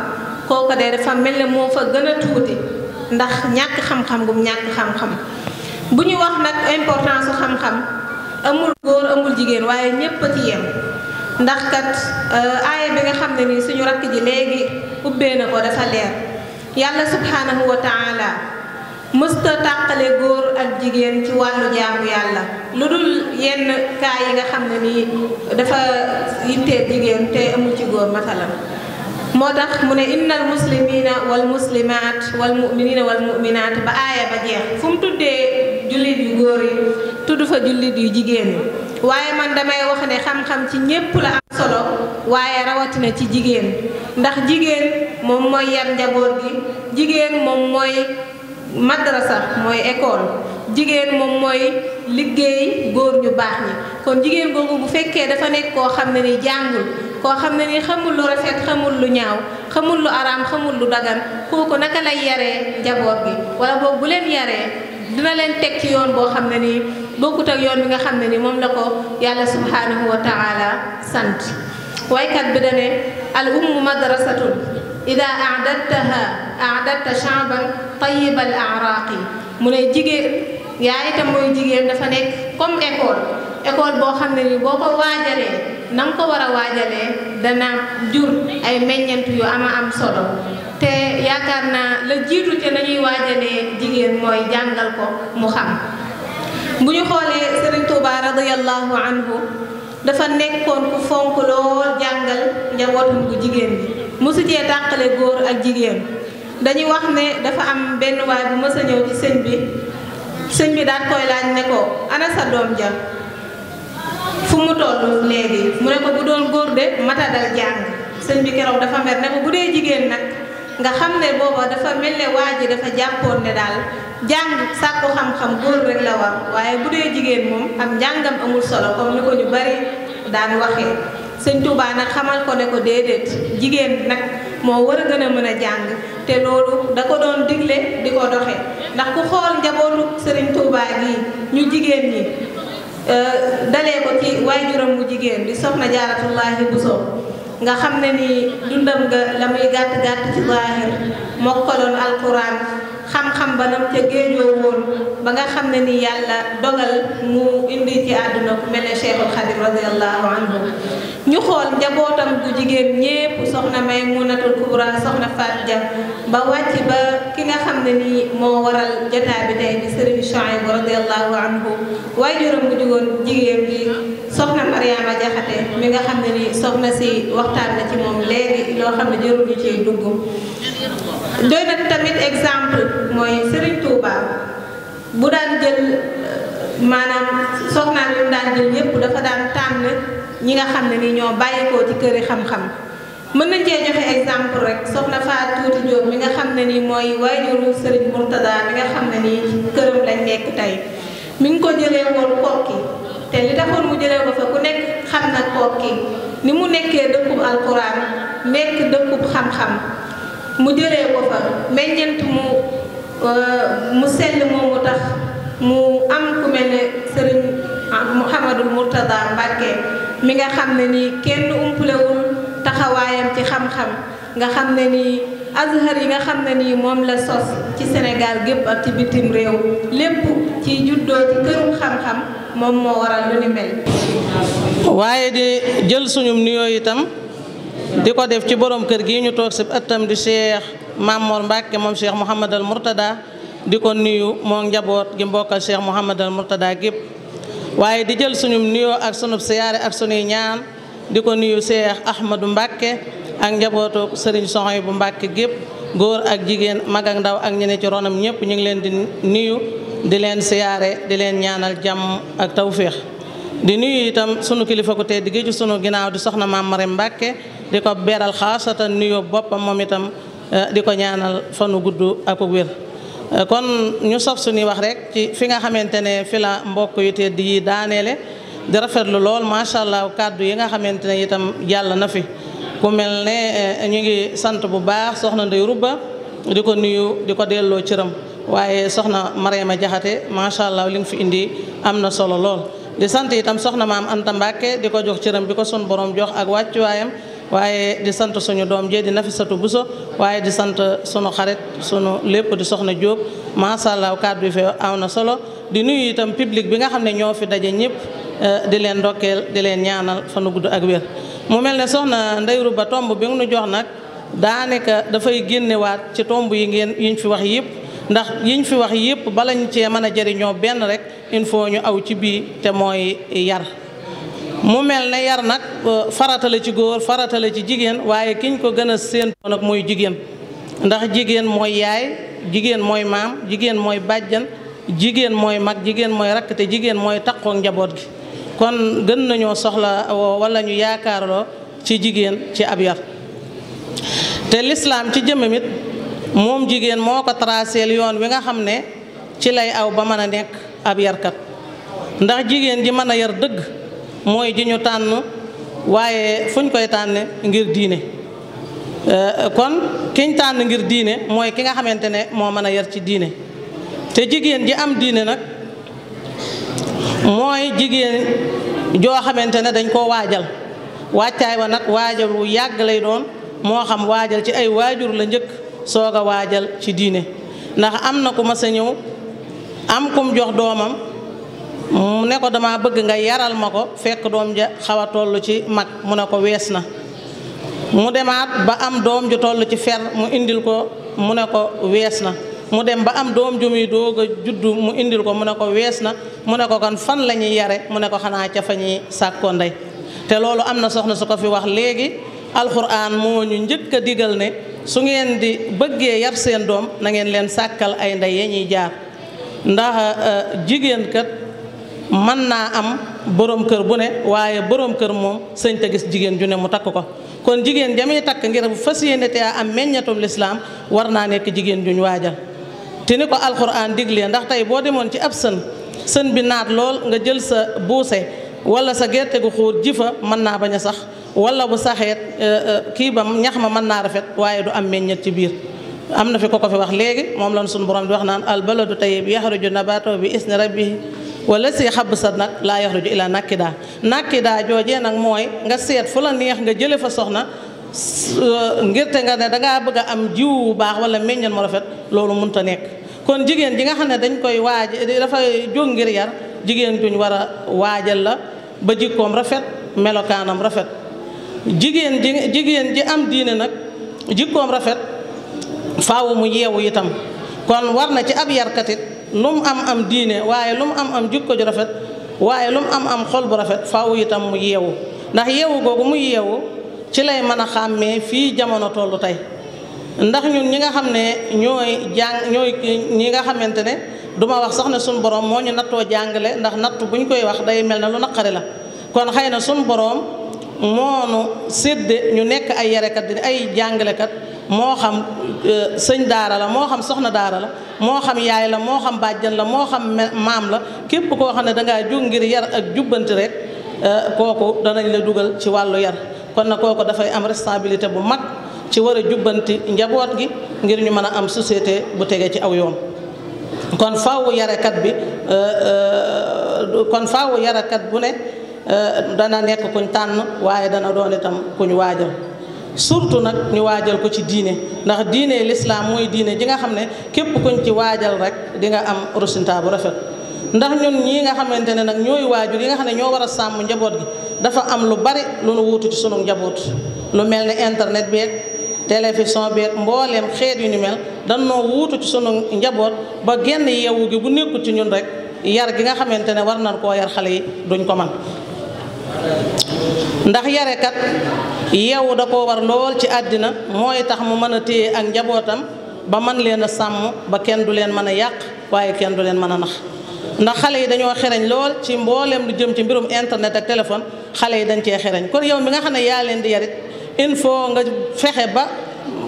kooku de dafa mel ne moo fa gën a tuuti ndax ñàkk xam-xam gum ñàkk xam-xam bu ñu wax nag importance su xam-xam amul góor amul jigéen waaye ñépp a ci ndax kat euh, aaya bi nga xam ne nii suñu rakk ji léegi ubbee na ko dafa leer yàlla subhaanahu wa taala mësta tàqale góor ak jigéen ci wàllu jaamu yàlla lu dul yenn kaa yi nga xam ne nii dafa yittee jigéen te amul ci góor masalan moo tax mu ne innal muslimina wal muslimaat wal muminina wal muminaat ba aaya ba jeex fu mu tuddee jullit yu góor yi tudd fa jullit yu jigéen yi waaye man damay wax ne xam-xam ci ñépp la am solo waaye rawatina ci jigéen ndax jigéen moom mooy yar njaboot gi jigéen moom mooy madrasa mooy école jigéen moom mooy liggéey góor ñu baax ñi kon jigéen googu bu fekkee dafa nekk koo xam ne ni jàngul koo xam ne ni xamul lu rafet xamul lu ñaaw xamul lu araam xamul lu dagan kooku naka lay yaree njaboot gi wala boog bu leen yaree dina leen teg ci yoon boo xam ne nii bokkut ak yoon bi nga xam ne nii moom la ko yàlla subhaanahu wa taala sant woykat bi dane al ummu madrasatun ida aadattaha aadatta chaaban tayiba al araaqi mu ne jigéen yaay itam mooy jigéen dafa nekk comme école école boo xam ne ni boo ko waajalee na ko war a waajalee dana jur ay meññent yu a am solo te yaakaar naa la jiitu te nañuy waajalee jigéen mooy jàngal ko mu xam bu ñu xoolee Sëriñ Tuubaa radiyallahu anhu dafa nekkoon ku fonk lool jàngal njabootum bu jigéen bi mosu cee tàqale góor ak jigéen dañuy wax ne dafa am benn waay bu mës a ñëw ci sëñ bi sëñ bi daal koy laaj ne ko ana sa doom ja fu mu toll léegi mu ne ko bu doon góor de matadal jàng sëñ bi keroog dafa mer ne ko bu dee jigéen nag nga xam ne booba dafa mel ne waa ji dafa jàppoon ne daal jàng sàkku xam-xam góor rek la war waaye bu dee jigéen moom am njàngam amul solo comme ni ko ñu bari daan waxee sëñ Touba nag xamal ko ne ko déedéet jigéen nag moo war a gën a mën a jàng te loolu da ko doon digle di ko doxe ndax ku xool njabootu sëriñ tuubaa gi ñu jigéen ñi Euh, dalee ko ci waajuram bu jigéen di soxna jaaratullaahi Buso nga xam ne ni dundam nga la muy gàtt gàtt ci zaahir mokkaloon alquran xam-xam ba nam ca géejoo woon ba nga xam ne ni yàlla dogal mu indi ci àdduna ku mel ne Cheikhul Khadim radiallahu anhu ñu xool njabootam bu jigéen ñépp soxna Maymunatul Kubra soxna Fatou Dia ba wàcc ba ki nga xam ne ni moo waral jotaay bi tey di Serigne Chouaïb radiallahu anhu waajuram bu jugoon jigéen bi soxna Mariama Jaxate mi nga xam ne ni soxna si waxtaan na ci moom léegi loo xam ne jërul ñu ciy dugg doy na tamit exemple mooy Serigne Touba bu daan jël euh, maanaam soxnaan yu daan jël yépp dafa daan tànn ñi nga xam ne nii ñoo bàyyikoo ci yi xam-xam mën nañ cee joxe exemple rek soxna Faat Tuuti Jóob mi nga xam ne nii mooy waajuru Serigne Mourtada mi nga xam ne nii këram lañ nekk tey mi ngi ko jëlee woon kokki te li taxoon mu jëlee ko fa ku nekk xam na kooki ni mu nekkee dëkkub alquran nekk dëkkub xam-xam mu jële ko fa meññent mu euh, mu sell moomu tax mu am ku mel ne sëriñ Mouhamadul Mourtada Mbacke mi nga xam ne nii kenn umpulewul taxawaayam ci xam-xam nga xam ne nii azhar yi nga xam na nii moom la sos ci Sénégal gépp ak ci bitim réew lépp ci juddoo ci kërum xam-xam moom moo waral lu ni mel waaye di jël suñum nuyoo itam di ko def ci boroom kër gi ñu toog si ëttam di Cheikh Mamour Mbacke moom Cheikh Mouhamadal Mourtada di ko nuyu moo njaboot gi mbokkal Cheikh Mouhamadal Mourtada gépp waaye di jël suñum nuyoo ak sunub siyaare ak sunuy ñaan di ko nuyu Cheikh Ahmadou Mbacke ak njabootu sëriñ Soxna bu Mbàkke gépp góor ak jigéen mag ak ndaw ak ñi ne ci ronam ñëpp ñu ngi leen di nuyu di leen siyaare di leen ñaanal jàmm ak tawféex di nuyu itam sunu kilifa ku tedd gi ci sunu ginnaaw di soxna maam Maram Mbàkke di ko beral xaasatan nuyu boppam moom itam eh, di ko ñaanal fanu gudd ak wér eh, kon ñu sof suñuy wax rek ci fi nga xamante ne fi la mbokk yu tedd yi daaneele di lu lool macha allah kàddu yi nga xamante ne itam jàll na fi mu mel ne eh, ñu ngi sant bu baax soxna Ndey Rubba di ko nuyu di ko delloo cëram waaye soxna Mariama Jaxate macha allah li nga fi indi am na solo lool di sant itam soxna maam Anta Mbàkke di ko jox cëram bi ko sun borom jox ak wàccuwaayam waaye di sant suñu doom jee di Nafisatu Buso waaye di sant sunu xarit sunu lépp di soxna Jóob macha allah kàddu bi fi aw na solo di nuyu itam public bi nga xam ne ñoo fi daje ñëpp eh, di leen ndokkeel di leen ñaanal fanu gudd ak wér mu mel ne soxna ndeyru ba tomb bi nga nu jox nag daanaka dafay génnewaat ci tomb yi ngeen yiñ fi wax yëpp ndax yiñ fi wax yëpp balañ cee mën a jariñoo benn rek il faut ñu aw ci bii te mooy yar mu mel ne yar nag euh, farata ci góor faratale ci jigéen waaye kiñ ko gën a séentoo nag mooy jigéen ndax jigéen mooy yaay jigéen mooy maam jigéen mooy bàjjan jigéen mooy mag jigéen mooy rakk te jigéen mooy taqoo njaboot gi kon gën nañoo soxla wala ñu yaakaarloo ci jigéen ci ab yar te lislaam ci jëmmam it moom jigéen moo ko traceel yoon wi nga xam ne ci lay aw ba mën a nekk ab yarkat ndax jigéen ji mën a yar dëgg mooy ji ñu tànn waaye fuñ koy tànne ngir diine euh, kon kiñ tànn ngir diine mooy ki nga xamante ne moo mën a yar ci diine te jigéen ji am diine nag mooy jigéen joo xamante ne dañ koo waajal wàccaay wa nag waajal wu yàgg lay doon moo xam waajal ci ay waajur la njëkk soog a waajal ci diine ndax am na ku mas a ñëw am kum jox doomam mu ne ko dama bëgg nga yaral ma ko fekk doom ja xaw a toll ci mag mu ne ko wees na mu demaat ba am doom ju toll ci fer mu indil ko mu ne ko wees na mu dem ba am doom ju muy doog juddu mu indil ko mu ne ko wees na mu ne ko kon fan la ñuy yare mu ne ko xanaa ca fa ñuy sàkkoo ndey te loolu am na soxna su ko fi wax léegi alxuraan moo ñu njëkk a digal ne su ngeen di bëggee yar seen doom nangeen leen sàkkal ay ndey ya ñuy jaar ndax euh, jigéen kat mën naa am borom kër bu ne waaye borom kër moom sëñ te gis jigéen ju ne mu takk ko kon jigéen ja takk ngir bu fas yéene te am meññatum lislaam war naa nekk jigéen juñ waajal ti ni ko alxuraan diglee ndax tey boo demoon ci ab sën sën bi naat lool nga jël sa buuse wala sa gerte gu xóot ji fa mën naa bañ a sax wala bu saxeet eh, eh, kii ba ñax ma mën naa rafet waaye du am meññet ci biir am na fi ko ko fi wax léegi moom lan suñu borom bi wax naan al baladu tayyib yaxruju nabato bi isni rabbihi wala si xab sa nag laa yaxruju ila nakkidaa daa joojee nag mooy nga seet fu la neex nga jële fa soxna ngir te nga ne dangaa bëgg am jiw bu baax wala meññal mu rafet loolu mënut a nekk kon jigéen ji nga xam ne dañ koy waaj dafa jóg ngir yar jigéen juñ war a waajal la ba jikkoom rafet melokaanam rafet jigéen ji jigéen ji am diine nag jikkoom rafet faaw mu yeewu itam kon war na ci ab yarkatit lu mu am am diine waaye lu am am jikko ju rafet waaye lu am am xol bu rafet faaw itam mu yeewu ndax yeewu googu mu yeewu ci lay mën a xàmmee fii jamono tollu tey ndax ñun ñi nga xam ne ñooy jàng ñooy ñi nga xamante ne du ma wax sax suñu borom moo ñu nattoo jàngale ndax natt bu ñu koy wax day mel ne lu naqari la kon xëy na suñu borom nu sédde ñu nekk ay yarekat di ay jàngalekat moo xam euh, sëñ daara la moo xam soxna daara la moo xam yaay la moo xam bàjjan la moo xam maam la képp koo xam ne dangaa jóg ngir yar ak jubbanti rek euh, kooku danañ la dugal ci wàllu yar kon na kooku dafay am responsabilité bu mag ci war a jubbanti njaboot gi ngir ñu mën a am société bu tegee ci aw yoon kon faawu yarekat bi euh, euh, kon faawu yarekat bu ne euh, dana nekk kuñ tànn waaye dana doon itam kuñ waajal surtout nag ñu waajal ko ci diine ndax diine lislaam mooy diine ji nga xam ne képp kuñ ci waajal rek di nga am résultat bu rafet ndax ñun ñii nga xamante ne nag ñooy waajur yi nga xam ne ñoo war a sàmm njaboot gi dafa am lu bari lu nu wuutu ci sunu njaboot lu mel ne internet beeg télévision beeg mbooleem xeet yu ni mel noo wuutu ci sunu njaboot ba genn yeewu gi bu nekkul ci ñun rek yar gi nga xamante ne war na koo yar xale yi duñ ko man ndax yarekat yeewu da koo war lool ci àddina mooy tax mu mën a téye ak njabootam ba man leen sàmm ba kenn du leen mën a yàq waaye kenn du leen mën a nax ndax xale yi dañoo xereñ lool ci mbooleem lu jëm ci mbirum internet ak téléphone xale yi dañ cee xereñ kon yow mi nga xam ne yaa leen di yarit il faut nga fexe ba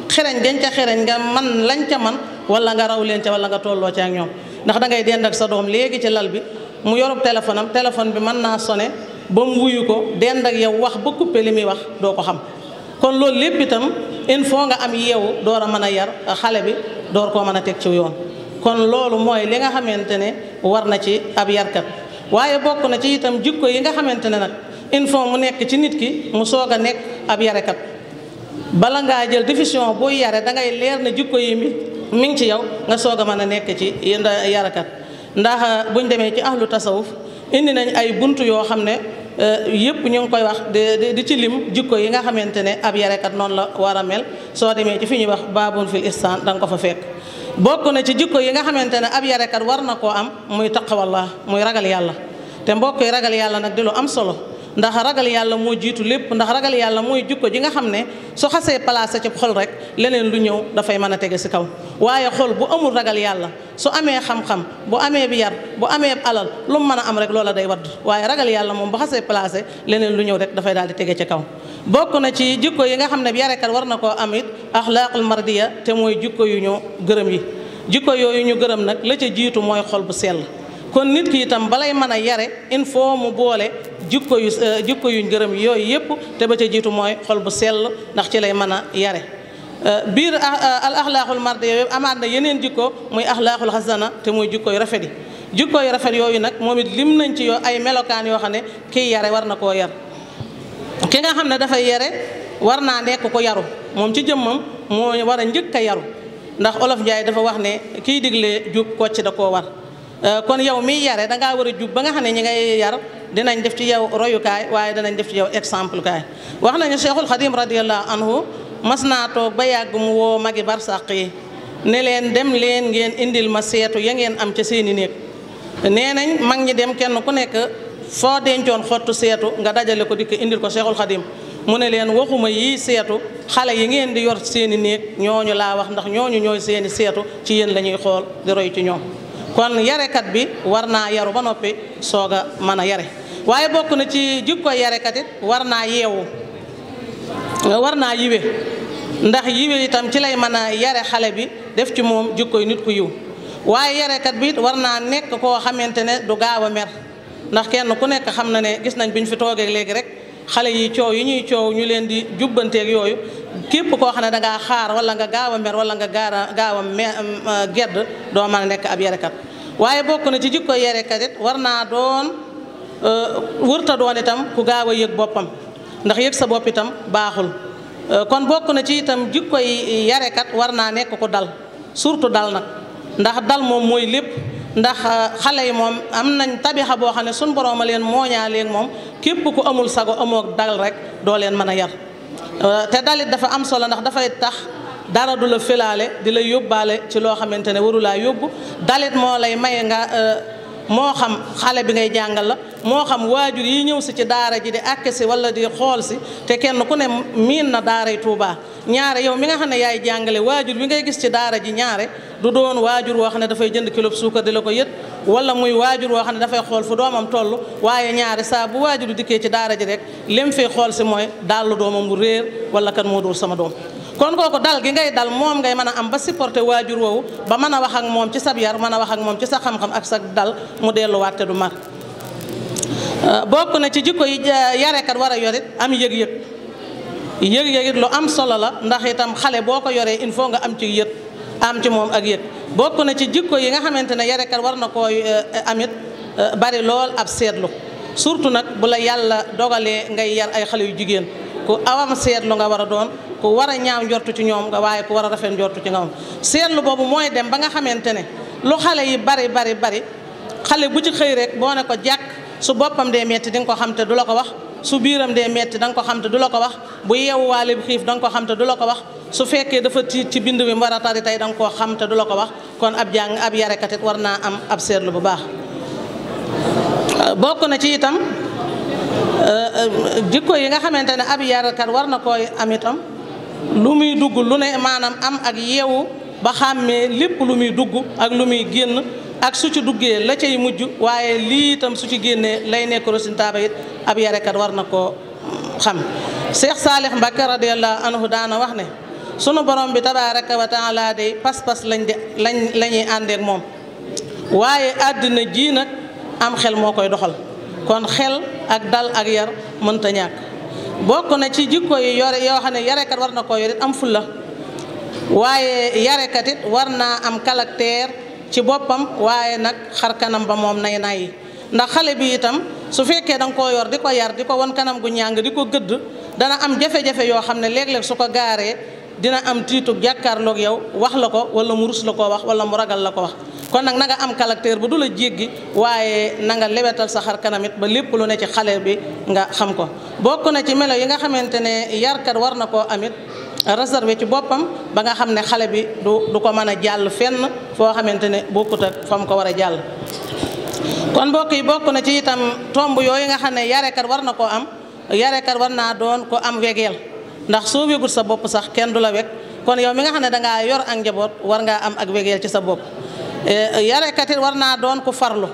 xereñ dañ ca xereñ nga man lañ ca man wala nga raw leen ca wala nga tolloo ca ak ñoom ndax dangay ngay ak sa doom léegi ci lal bi mu yorub téléphone am téléphone bi mën naa sone ba mu wuyu ko dend ak yow wax ba coupé li muy wax doo ko xam kon loolu lépp itam il faut nga am yeewu door a mën a yar xale bi door koo mën a teg ci yoon kon loolu mooy li nga xamante ne war na ci ab yarkat waaye bokk na ci itam jikko yi nga xamante ne nag il mu nekk ci nit ki mu soog a nekk ab yarekat bala ngaa jël décision buy yare da ngay leer ne jikko yi mi mi ngi ci yow nga soog a mën a nekk ci yarakat ndax buñ demee ci ahlu tasawuf indi nañ ay bunt yoo xam ne eh, yëpp ñu ngi koy wax di di ci lim jikko yi nga xamante ne ab yarekat noonu la war a mel soo demee ci fi ñuy wax baabun fil ihsaan da nga ko fa fekk bokk na ci jikko yi nga xamante ne ab yarekat war na koo am muy taqawallah muy ragal yàlla te mbokk yi ragal yàlla nag di am solo ndax ragal yàlla moo jiitu lépp ndax ragal yàlla mooy jikko ji nga xam ne su xasee placé ci xol rek leneen lu ñëw dafay mën a tege si kaw waaye xol bu amul ragal yàlla su amee xam-xam bu amee bi yar bu amee alal lu mu mën a am rek loola day wadd waaye ragal yàlla moom bu xasee placé leneen lu ñëw rek dafay daal di tege ci kaw bokk na ci jikko yi nga xam ne yarekat war na koo am it axlaaqul mardiya te mooy jikko yu ñu gërëm yi jikko yooyu ñu gërëm nag la ca jiitu mooy xol bu sell kon nit mën a yare il faut mu jikko yu eh, jikko yuñ gërëm yooyu yëpp te ba ca jiitu mooy xol bu sell ndax ci lay mën a yare eh, biir ah, ah, al axlaaqul marde yooyu yëpp amaat na yeneen jikko muy axlaaqul xasana te muy jikko yu rafet yi jikko yu rafet yooyu nag moom it lim nañ ci yoo ay melokaan yoo xam ne kiy yare war na koo yar nga xam ne dafay yare war naa nekk ko yaru moom ci jëmmam moo war a njëkk a yaru ndax olof Njaay dafa wax ne kiy digle jub kocc da koo war eh, kon yow miy yare dangaa war a jub ba nga xam ne ñi ngay yar dinañ def ci yow royukaay waaye danañ def ci yow exemple kaay wax nañu cheikhul xadim radiallahu anhu mas naa toog ba yàgg mu woo magi barsàq yi ne leen dem leen ngeen indil ma seetu ya ngeen am ca seeni néeg nee nañ mag ñi dem kenn ku nekk foo dencoon xottu seetu nga dajale ko dikk indil ko cheikhul xadim mu ne leen waxuma yii seetu xale yi ngeen di yor seeni néeg ñooñu laa wax ndax ñooñu ñooy seeni seetu ci yéen lañuy xool di roy ci ñoom kon yarekat bi war naa yaru ba noppi soog a mën a yare waaye bokk na ci jikko yarekat war naa yeewu war naa yiwe ndax yiwe itam ci lay mën a yare xale bi def ci moom jikkoy nit ku yiw waaye yarekat bi it war naa nekk koo xamante ne du gaaw a mer ndax kenn ku nekk xam na ne gis nañ bi ñu fi toogee léegi rek xale yi coow yi ñuy coow ñu leen di jubbanteek yooyu képp koo xam ne da ngaa xaar wala nga gaaw a mer wala nga gaara gaaw a gedd doo mën a nekk ab yarekat waaye bokk na ci jikko yerekat it war naa doon euh, wërta doon itam ku gaaw a yëg boppam ndax yëg sa bopp itam baaxul euh, kon bokk na ci itam koy yare kat war naa nekk ku dal surtout dal nag ndax dal moom mooy lépp ndax euh, xale yi moom am nañ tabixa boo xam ne suñ borooma leen mooñaa leen moom képp ku amul sago amoo dal rek doo leen mën a yar te dalit dafa am solo ndax dafay tax dara du la filaale di la yóbbaale ci loo xamante ne waru laa yóbbu dalit moo lay maye nga euh, moo xam xale bi ngay jàngal la moo xam waajur yi ñëw si ci daara ji di àkk si wala di xool si te kenn ku ne miin na daaray Tuubaa ñaare yow mi nga xam ne yaay jàngale waajur bi ngay gis ci daara ji ñaare du doon waajur woo xam ne dafay jënd kilo suukar di la ko yët wala muy waajur woo xam ne dafay xool fu doomam toll waaye ñaare saa bu waajur dikkee ci daara ji rek lim fi xool si mooy dallu doomam bu réer wala kat moo dóor sama doom kon kooku dal gi ngay dal moom ngay mën a am ba supporté waajur woowu ba mën a wax ak moom ci sab yar mën a wax moom ci sa xam-xam ak sa dal mu delluwaat te du mar euh, bokk na ci jikko yi euh, yarekat war a yorit am yëg-yëg yëg lu am solo la ndax itam xale boo ko yoree il faut nga am ci yëg am ci moom ak yëg bokk na ci jikko yi nga xamante ne yarekat war na koo euh, amit bari lool ab seetlu surtout nag bu la yàlla dogalee ngay yar ay xale yu jigéen ku awam seetlu nga war a doon ku war a ñaaw njortu ci ñoom nga waaye ku war a rafet njortu ci ñoom seetlu boobu mooy dem ba nga xamante ne lu xale yi bari bari bari xale bu ci xëy rek boo ne ko jàkk su boppam dee metti di nga ko xam te du la ko wax su biiram dee metti da ko xam te ko wax bu yeewuwaale bi xiif da nga ko xam te du la ko wax su fekkee dafa ci bind bi war a tari tey da koo xam te ko wax kon ab jàng ab yarekat war naa am ab seetlu bu baax bokk na ci itam jikko yi nga xamante ne ab yarekat war na koy am itam lu muy dugg lu ne maanaam am ak yeewu ba xàmmee lépp lu muy dugg ak lu muy génn ak su ci duggee la cay mujj waaye lii itam su ci génnee lay nekk rosintaaba it ab yarekat war na koo xam Cheikh Saalix Mbakke radiallahu anhu daana wax ne sunu borom bi tabaaraka wa taala day pas-pas lañ de lañ la ñuy àndeek moom waaye àddina ji nag am xel moo koy doxal kon xel ak dal ak yar mënta ñàkk bokk na ci jikko yu yore yoo xam ne yarekat war na koo yorit am fulla waaye yarekat it war naa am caractère ci boppam waaye nag xar kanam ba moom nay nay ndax xale bi itam su fekkee da nga koo yor di ko yar di ko wan kanam gu ñàng di ko gëdd dana am jafe-jafe yoo xam ne léeg-léeg su ko gaaree dina am tiitu jàkkaarloog yow wax la ko wala mu rus la koo wax wala mu ragal la ko wax kon nag na nga am caractère bu du la jéggi waaye na lewetal lebetal sa xar kanam ba lépp lu ne ci xale bi nga xam ko bokk na ci melo yi nga xamante ne yarkat war na koo amit réservé ci boppam ba nga xam ne xale bi du du ko mën a jàll fenn foo xamante ne bokkut ak fa mu ko war a jàll mbokk yi bokk na ci itam tomb yooyu nga xam ne yarekat war na koo am yarekat war naa doon ko am wegeel ndax soo wégul sa bopp sax kenn du la weg kon yow mi nga xam ne dangaa yor ak njaboot war nga am ak wegeel ci sa bopp eh, yarekat it war naa doon ku farlu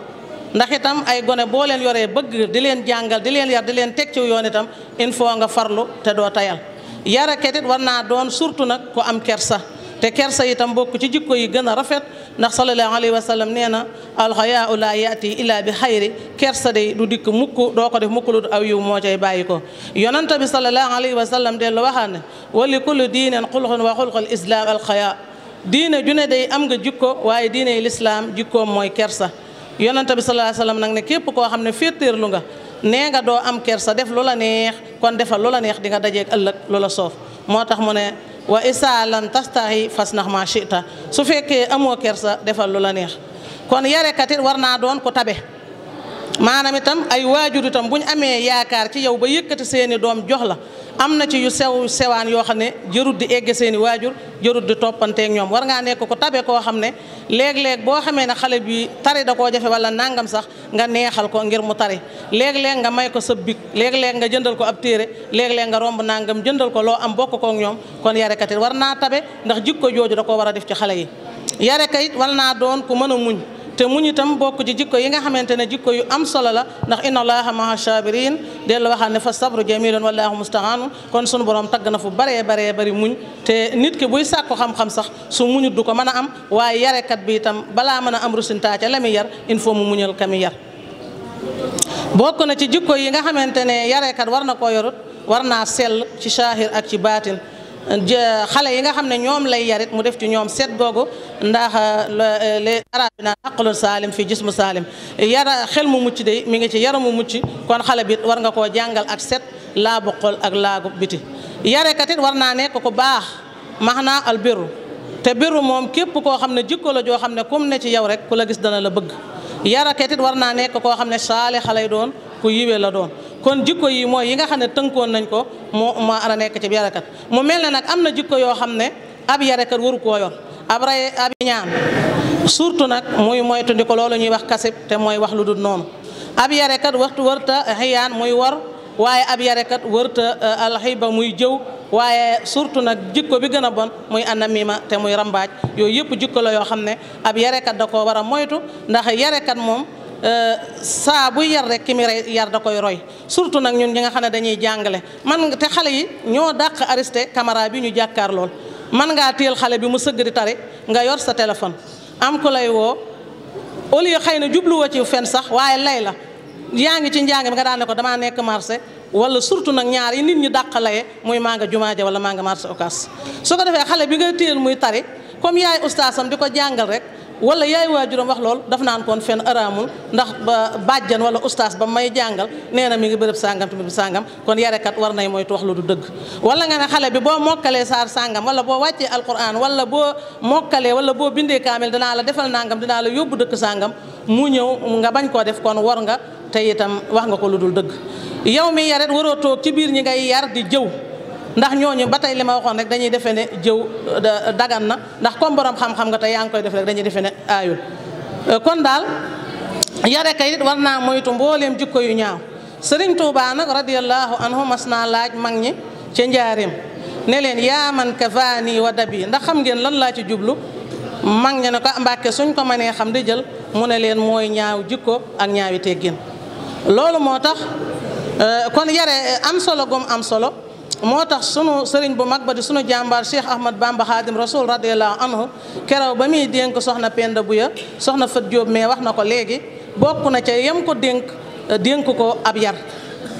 ndax itam ay gone boo leen yoree bëgg di leen jàngal di leen yar di leen teg ci yoon itam il nga farlu te doo tayal yarekat it war naa doon surtout nag ku am ker sax te kersa itam bokk ci jikko yi gën a rafet ndax sallallahu alayhi wa sallam nee na alxayaau laa yaati illaa bi xayri kersa day du dikk mukk doo ko def mukk lu aw yiw moo cay bàyyi ko yonent bi sallallahu alayhi wa sallam dellu waxaan ne wa li kulli diinin xulqun wa xulqul islaam alxayaa diine ju ne day am nga jikko waaye diine yi lislaam jikkoom mooy kersa yonent bi sallallahu alayhi wa nag ne képp koo xam ne féetéerlu nga nee nga doo am kersa def lu neex kon defal lu neex di nga dajeeg ëllëg lu la moo tax mu ne wa isaa lan tastahi fas nax ma chita su fekkee amoo kersa defal lu la neex kon yarekat it war naa doon ko tabe maanaam itam ay waajur itam bu ñu amee yaakaar ci yow ba yëkkati seeni doom jox la am na ci yu sew sewaan yoo xam ne jërut di egg seeni waajur jërut di toppanteek ñoom war ngaa nekk ko tabe koo xam ne léeg-léeg boo xamee ne xale bi tari da koo jafe wala nangam sax nga neexal ko ngir mu tari léeg-léeg nga may ko sa big léeg-léeg nga jëndal ko ab téere léeg-léeg nga romb nangam jëndal ko loo am bokk kook ñoom kon yarekat it war naa tabe ndax jikko jooju da war a def ci xale yi yarekat a muñ te muñ itam bokk ci jikko yi nga xamante ne jikko yu am solo la ndax inna allaha maa sabirin dellu waxaat ne fa sabru jamilun wallahu mustaanu kon sunu borom tagg na fu baree bare bari muñ te nit ki buy sàkku xam-xam sax su muñut du ko mën a am waaye yarekat bi itam balaa mën a am rusintaa ca la yar il faut mu muñal ka muy yar bokk na ci jikko yi nga xamante ne yarekat war na koo yorut war naa sell ci saahir ak ci baatin xale yi nga xam ne ñoom lay yarit mu def ci ñoom seet googu ndax les arab naan aqlun saalim fi jismu saalim yara xel mu mucc de mi ngi ci yara mu mucc kon xale bi war nga koo jàngal ak set laabu xol ak laabu biti yarekat it war naa nekk ko baax maanaa al birru te birru moom képp koo xam ne jikko la joo xam ne kum ne ci yow rek ku la gis dana la bëgg yarakat it war naa nekk koo xam ne saalixa lay doon ku yiwee la doon kon jikko yi mooy yi nga xam ne tënkoon nañ ko moo moo ana nekk ci yarakat mu mel na nag am na jikko yoo xam ne ab yarakat waru koo yor ab ray ab ñaan surtout nag muy moytu ndi ko loolu ñuy wax kasib te mooy wax lu dul noonu ab yarakat waxtu warta xiyaan muy war waaye ab yare yarekat wërta euh, alxiba muy jëw waaye surtout nag jikko bi gën a bon muy anamima te muy rambaaj yooyu yëpp jikko la yoo xam ne ab yare kat da koo war a moytu ndax yare kat moom euh, saa buy yar rek ki mi yar da koy roy surtout nag ñun ñi nga xam ne dañuy jàngale man te xale yi ñoo daq arrêté caméra bi ñu jàkkaar lool man ngaa téel xale bi mu sëgg di tari nga yor sa téléphone am ku lay woo au lieu xëy na jubluwa ci fen sax waaye lay la yaa ngi ci njàngam nga daan ne ko damaa nekk marché wala surtout nag ñaar yi nit ñi dàq laye muy maa nga jumaa ja wala maa nga marché occas ko defee xale bi nga téyel muy tari comme yaay ustaasam di ko jàngal rek wala yaay waajuram wax lool daf naan kon fen araamul ndax ba bàjjan wala ustaas ba mu may jàngal nee na mi ngi bërëb sàngam te bi sàngam kon yarekat war nay moytu wax lu du dëgg wala nga ne xale bi boo mokkalee saar sàngam wala boo wàccee alquran wala boo mokkalee wala boo bindee kaamil danaa la defal nangam dinaa la yóbbu dëkk sàngam mu ñëw nga bañ koo def kon war nga tey itam wax nga ko lu dul dëgg yow mi yaret waroo toog ci biir ñi ngay yar di jëw ndax ñooñu ba tey li ma waxoon rek dañuy defee ne jëw dagan na ndax comme borom xam-xam nga tey yaa ngi koy def rek dañuy defee ne aayul euh, kon daal yare kayit it war naa moytu mbooleem jikko yu ñaaw sëriñ Tuubaa nag radiyallahu anhu mas naa laaj mag ñi ca njaarim ne leen yaaman kafaani wa dabi ndax xam ngeen lan laa ci jublu mag ñi ne ko ah, mbàkke suñ ko mënee xam di jël mu ne leen mooy ñaaw jikko ak ñaawi teggin loolu moo tax euh, kon yare am solo gum am solo moo tax sunu sëriñ bu mag ba di sunu jàmbaar Cheikh Ahmad Bamba Xaadim Rasul radiallahu anhu kerew ba muy dénk soxna Penda Buya soxna Fat Jóob mais wax na ko léegi bokk na ca yem ko dénk dénk ko ab yar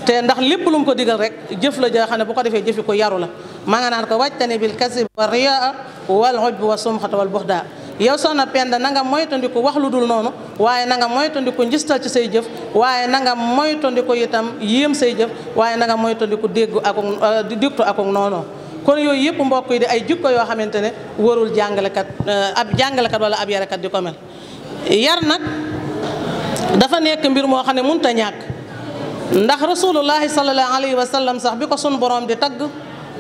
te ndax lépp lu ko digal rek jëf la joo xam ne bu ko defee jëfi ko yaru la maa nga naan ko wàjtani bil kasib wa riyaa wal ujb wa sumxata wal buxdaa yow soxna Penda na nga moytandiku wax lu dul noonu waaye nanga nga moytandiku njistal ci say jëf waaye na nga moytandiku itam yéem say jëf waaye na nga moytandiku dégg ak euh, dégtu ak noonu kon yooyu yëpp mbokk yi di ay jikko yoo xamante ne warul jàngalekat euh, ab jàngalekat wala ab yarakat di ko mel yar nag dafa nekk mbir moo xam ne mënut ta ñàkk ndax rasulullahi sallallahu alayhi wa sallam sax bi ko sun borom di tagg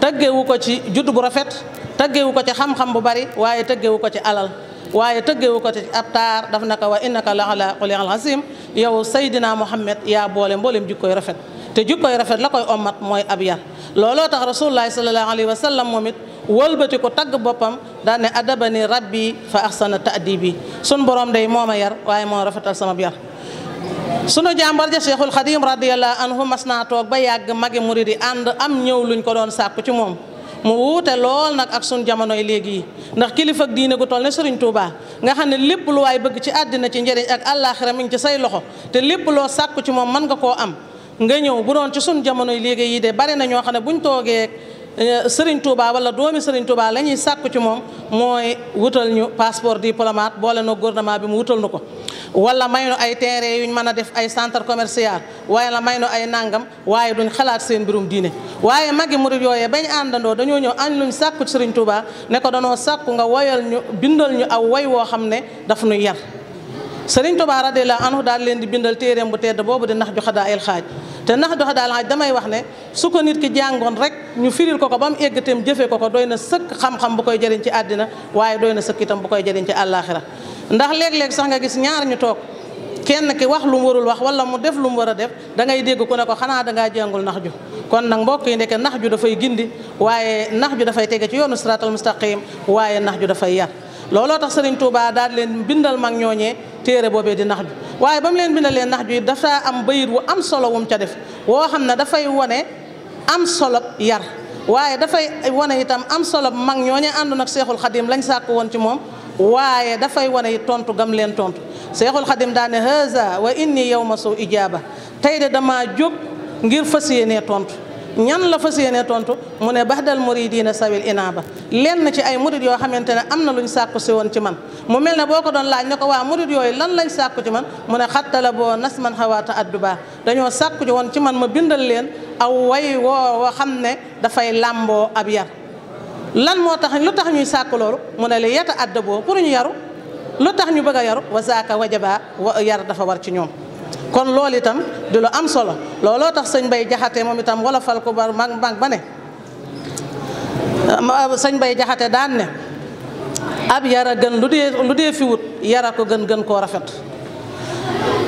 taggewu ko ci judd bu rafet tëggewu ko ci xam-xam bu bari waaye tëggewu ko ci alal waaye tëggewu ko ci ab taar daf na ko wa innaka la ala xuluqin azim yow Seydina Muhammad yaa boole mboolem jikkoy rafet te jikkoy rafet la koy ommat mooy ab yar looloo tax rasulullahi sallallahu alayhi wa sallam moom it wëlbati ko tagg boppam daan ne adabani rabbi fa ahsana taadibi sun borom day moo ma yar waaye moo rafetal sama yar sunu jàmbar ja cheikhul xadim radiallahu anhu mas naa toog ba yàgg magi murid ànd am ñëw luñ ko doon sàkku ci moom mu wuute lool nag ak suñ jamonoy léegi ndax kilifa ak diine gu toll ne Serigne Touba nga xam ne lépp lu waay bëgg ci àddina ci njëriñ ak àllaaxira mi ci say loxo te lépp loo sàkku ci moom mën nga koo am nga ñëw bu doon ci suñ jamonoy léegi yi de bari na ñoo xam ne buñ toogee. Eh, sëriñ Touba wala doomi sëriñ Touba la ñuy sàkku ci moom mooy wutal ñu passeport diplomate boole no gouvernement bi mu wutal nu ko wala may nu ay terrain yuñ mën a def ay centre commercial waaye la may nu ay nangam waaye duñ xalaat seen mbirum diine waaye magi murid yooyee bañ àndandoo dañoo ñëw añ luñ sàkku ci sëriñ Touba ne ko danoo sàkku nga woyal ñu bindal ñu aw woy woo xam ne daf nu yar sëriñ Tuubaa radiyallaahu anhu daal leen di bindal téeréem bu tedd boobu di nax ju xadaa il xaaj te nax ju xadaa xaaj damay wax ne su ko nit ki jàngoon rek ñu firil ko ko ba mu egg itam jëfee ko ko doy na sëkk xam-xam bu koy jëriñ ci àddina waaye doy na sëkk itam bu koy jëriñ ci àllaaxira ndax léeg-léeg sax nga gis ñaar ñu toog kenn ki wax lu mu warul wax wala mu def lu mu war a def da ngay dégg ku ne ko xanaa dangaa jàngul nax ju kon nag mbok yi ndeke nax ju dafay gindi waaye nax ju dafay tege ci yoonu siraatal mustaqim waaye nax ju dafay yar looloo tax sëriñ Tuubaa daal leen bindal mag ñooñee téere boobee di nax ju waaye leen mu leen bindalee nax ju dafa am bayit wu am solo wum ca def woo xam ne dafay wone am solo yar waaye dafay wone itam am solo mag ñooñu àndoon ak seexul xadim lañ sàkk woon ci moom waaye dafay wane it tontu gam leen tontu seexul xadim daane haza wa inni yow ma soow ijaaba tey de dama jóg ngir fas yéenee tontu ñan la fa yéene tontu mu ne baxdal muridina sawil inaaba na ci ay murid yoo xamante ne am na luñ ñu sàkku si woon ci man mu mel ne boo ko doon laaj ne ko waa murid yooyu lan lañ sàkku ci man mu ne xattala boo nas man xawaata adduba dañoo sàkku woon ci man ma bindal leen aw way woo xam ne dafay làmboo ab yar lan moo tax lu tax ñuy sàkku loolu mu ne li yata adda boo pour ñu yaru lu tax ñu bëgg a yaru wa zaaka wajaba wa yar dafa war ci ñoom kon loolu itam di lu am solo looloo tax sëñ bay jaxate moom itam wala fal ko bar mag mag ba ne sëñ bay jaxate daan ne ab yara gën lu dee lu dee fi yara ko gën gën koo rafet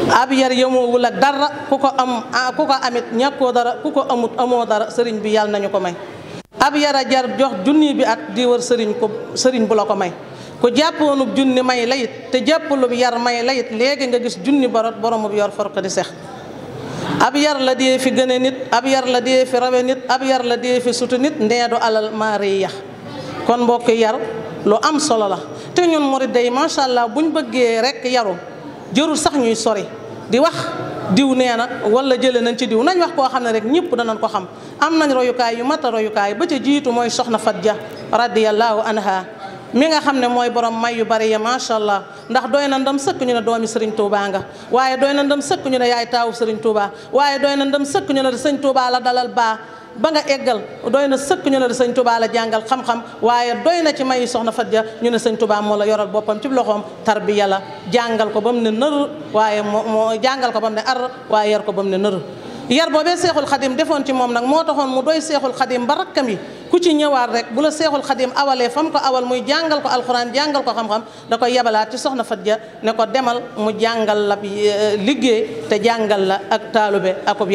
ab yar yemoowul ak dara ku ko am ku ko amit ñàkkoo dara ku ko amut amoo dara sëriñ bi yàll nañu ko may ab yara jar jox junni bi at di sëriñ ko sëriñ bu la ko may ku jàppoonub junni may layit te jàppalub yar may layit léegi nga gis junni barot boromub yor forko di sex ab yar la dee fi gëne nit ab yar la dee fi rawe nit ab yar la dee fi sutu nit ndeedu alal maari yax kon mbokk yar lu am solo la te ñun murit day macha allah bu ñu bëggee rek yaru jërul sax ñuy sori di wax diw nee na wala jëlee nañ ci diw nañ wax koo xam ne rek ñëpp danañ ko xam am nañ royukaay yu mat a royukaay ba ca jiitu mooy soxna Fat Dia mi nga xam ne mooy borom may yu bari ya macha allah ndax doy na ndam sëkk ñu ne doomi Serigne Touba nga waaye doy na ndam sëkk ñu ne yaay taawu Serigne Touba waaye doy na ndam sëkk ñu ne Serigne Touba la dalal baa ba nga eggal doy na sëkk ñu ne Serigne Touba la jàngal xam-xam waaye doy na ci mayu soxna Fatia ñu ne sëñ Touba moo la yoral boppam cib loxoom tarbiya la jàngal ko bam mu ne nër waaye moo moo jàngal ko ba mu ne ar waaye yar ko ba mu ne nër yar boobee seexul xadim defoon ci moom nag moo taxoon mu doy seexul xadim ba rakkam yi ku ci ñëwaat rek bu la seexul xadim awalee fam ko awal muy jàngal ko alxuraan jàngal ko xam-xam da koy yabalaat ci soxna faj ja ne ko demal mu jàngal la euh, liggéey te jàngal la ak taalube akub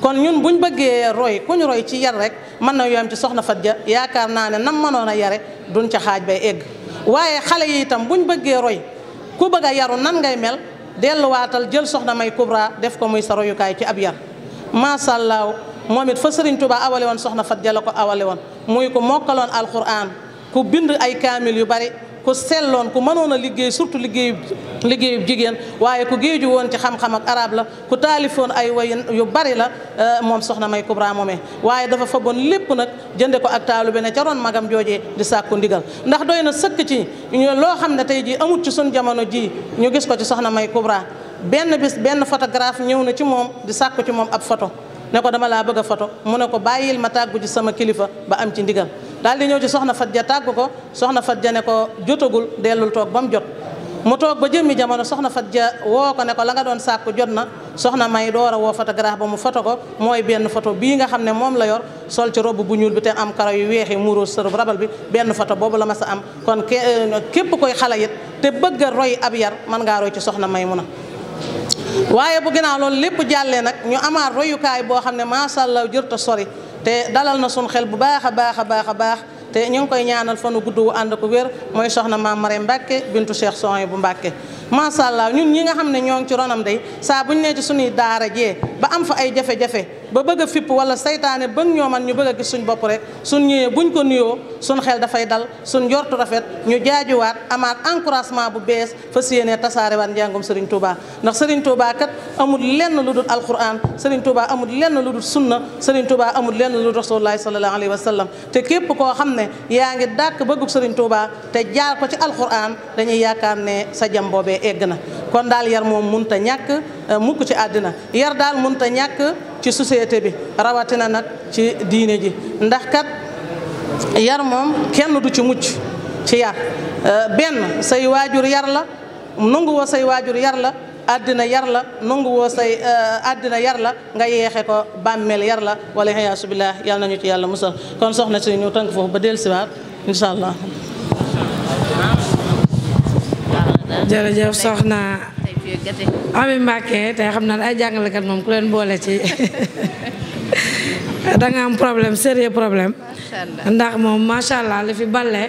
kon ñun buñ bëggee roy ku ñu roy ci yar rek mën na soxna fat ja yaakaar naa ne nam mënoon a yare duñ ca xaaj bay egg waaye xale yi itam buñ bëggee roy ku bëgg a yaru nan ngay mel delluwaatal jël soxna may kubra def ko muy sa royukaay ci ab yar macha allah moom it fa sëriñ Touba awale woon soxna Fat Dia la ko awale woon muy ko mokkaloon alquran ku bind ay kaamil yu bari ku selloon ku mënoon a liggéey surtout liggéeyu liggéeyu jigéen waaye ku géeju woon ci xam-xam ak araab la ku taalifoon ay way yu bari la eh, moom soxna may Kubra moomee waaye dafa fa lépp nag jënde ko ak taalu bi ne magam jooje di sàkku ndigal ndax doy na sëkk ci loo xam ne tey jii amut ci sun jamono jii ñu gis ko ci soxna may Kubra benn bis benn photographe ñëw na ci moom di sàkku ci moom ab photo ne ko dama laa bëgg a photo mu ne ko bàyyil ma tàggu ci sama kilifa ba am ci ndigal daal di ñëw ci soxna faj ja tàggu ko soxna Fat ja ne ko jotagul dellul toog ba mu jot mu toog ba jëmmi jamono soxna Fat ja woo ko ne ko la nga doon sàkku jot na soxna may door a woo photographe ba mu photo ko mooy benn foto bii nga xam ne moom la yor sol ci robe bu ñuul bi te am karaw yu weexi muuroo sërub rabal bi benn photo boobu la ma sa am kon euh, képp koy xale it te bëgg ab yar mën ngaa ci soxna may mu na waaye bu ginnaaw loolu lépp jàllee nag ñu amaat royukaay boo xam ne macha allah jërta sori te dalal na sun xel bu baax a baax a baax a baax te ñu ngi koy ñaanal fanu gudd wu ànd ko wér mooy soxna maam Marème Mbacke bintu Cheikh Sohaybu bu Mbacke macha allah ñun ñi nga xam ne ñoo ngi ci ronam day saa buñ nee ci suñuy daara jee ba am fa ay jafe-jafe ba bëgg a fipp wala saytaane bëgg ñoo man ñu bëgg a gis suñ bopp rek suñ ñëwee buñ ko nuyoo suñ xel dafay dal suñ jortu rafet ñu jaajuwaat amaat encouragement bu bees fas tasaare tasaarewaat njàngum Serigne Touba ndax Serigne Touba kat amul lenn lu dul alquran Serigne Touba amul lenn lu dul sunna Serigne Touba amul lenn lu dul rasulullahi sallallahu alayhi wa sallam te képp koo xam ne yaa ngi dàq bëggub Serigne Touba te jaar ko ci alquran dañuy yaakaar ne sa jam boobee egg na kon daal yar moom munta ñàkk eh, mukk ci àddina yar ci société bi rawatina nag ci diine ji ndax kat yar moom kenn du ci mucc ci yar euh, benn say waajur yar la nangu woo say waajur yar la àddina yar la nanguwoo woo say euh, àddina yar la nga yeexe ko bàmmeel yar la wala xayaasu billah yàlla ñu ci yàlla musal kon soxna si ñu tënk foofu ba del siwaat incha allah jërëjëf soxna Ami Mbacke tey xam naa ne ay jàngalekat moom ku leen boole ci da am problème sérieux problème. ndax moom macha allah li fi balle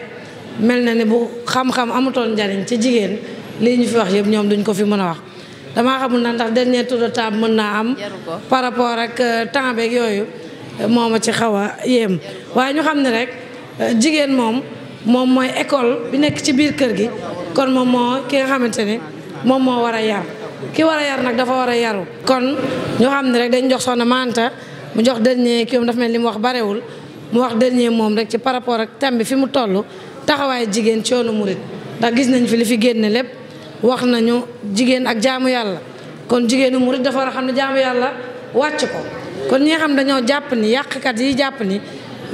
mel na ne bu xam-xam amutoon njariñ ci jigéen lii ñu fi wax yëpp ñoom duñ ko fi mën a wax. damaa xamul na ndax dernier tour de mën naa am. par rapport ak euh, temps beeg yooyu euh, moo ma ci xaw a yéem waaye ñu xam ne rek euh, jigéen moom moom mooy école bi nekk ci biir kër gi kon moom moo ki xamante ne. moom moo war a yar ki war a yar nag dafa war a yaru kon ñoo xam ne rek dañ jox soxna Manta mu jox dernier kii moom dafa mel li mu wax barewul mu wax dernier moom rek ci par rapport ak tàmbi fi mu toll taxawaay jigéen ci yoonu murit ndax gis nañu fi li fi génne lépp wax nañu jigéen ak jaamu yàlla kon jigéenu murit dafa war a xam ne jaamu yàlla wàcc ko kon ñi xam dañoo jàpp ni yàqkat yi jàpp ni